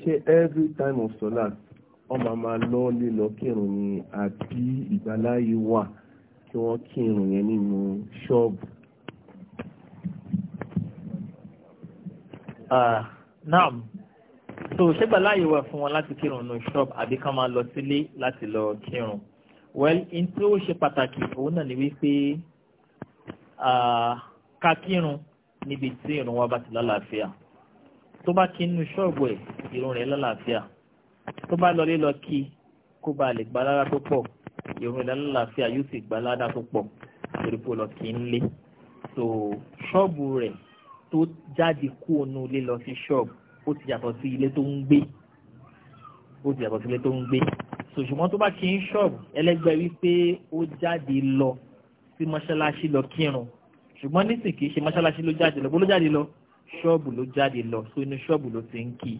ṣé every time of solar ọmọ máa lọ lílọ kírun ni àbí ìgbàláyé wà kí wọ́n kírun yẹn nínú ṣọ́ọ̀bù. Ah, naam so ṣégbà láàyè wà fún wọn láti kírun nù shop àbí ká máa lọ sílé láti lọ kírun well in tí ó ṣe pàtàkì òun náà ni wípé ah, ká kírun níbi tí irun wa bá ti lálàáfíà tó bá kí nínú ṣọ́ọ̀bù ẹ̀ irun rẹ̀ lálàáfíà tó bá lọlé lọ kí kó ba lè gba lára tó pọ̀ irun rẹ̀ lálàáfíà yóò sì gba lára tó pọ̀ torí pé lọ kí ń lé so ṣọ́ọ̀bù rẹ̀ tó jáde kú ònú ilé lọ sí ṣọ́ọ̀bù ó ti yàtọ̀ sí ilé tó ń gbé ó ti yàtọ̀ sí ilé tó ń gbé ṣùgbọ́n tó bá ti ń ṣọ́ọ̀bù ẹlẹ́gbẹ́ wípé ó jáde lọ sí mọ́ṣáláṣí lọ kírun ṣùgbọ́n nísìnyí kì í ṣe mọ́ṣáláṣí ló jáde lọ bó ló jáde lọ ṣọ́ọ̀bù ló jáde lọ so inú ṣọ́ọ̀bù ló ti ń kí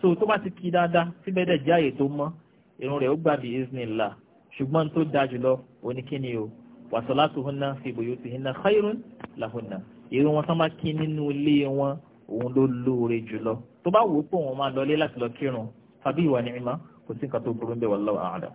so tó bá ti kí dáadáa síbẹ̀ dẹ̀ jẹ́ àyè tó mọ́ irun rẹ̀ ó gbà bí isnillah ṣùgbọ́n tó dáa jùlọ oníkíni o wa salatuhunna fi buyutihinna khairun lahunna èrò wọn tán bá kí nínú ilé wọn òun ló lóore jùlọ tó bá wò ó pé òun máa lọlé láti lọ kírun tàbí ìwà nìyí má kò sí nǹkan tó burú ń bẹ̀ wallahu a'lam.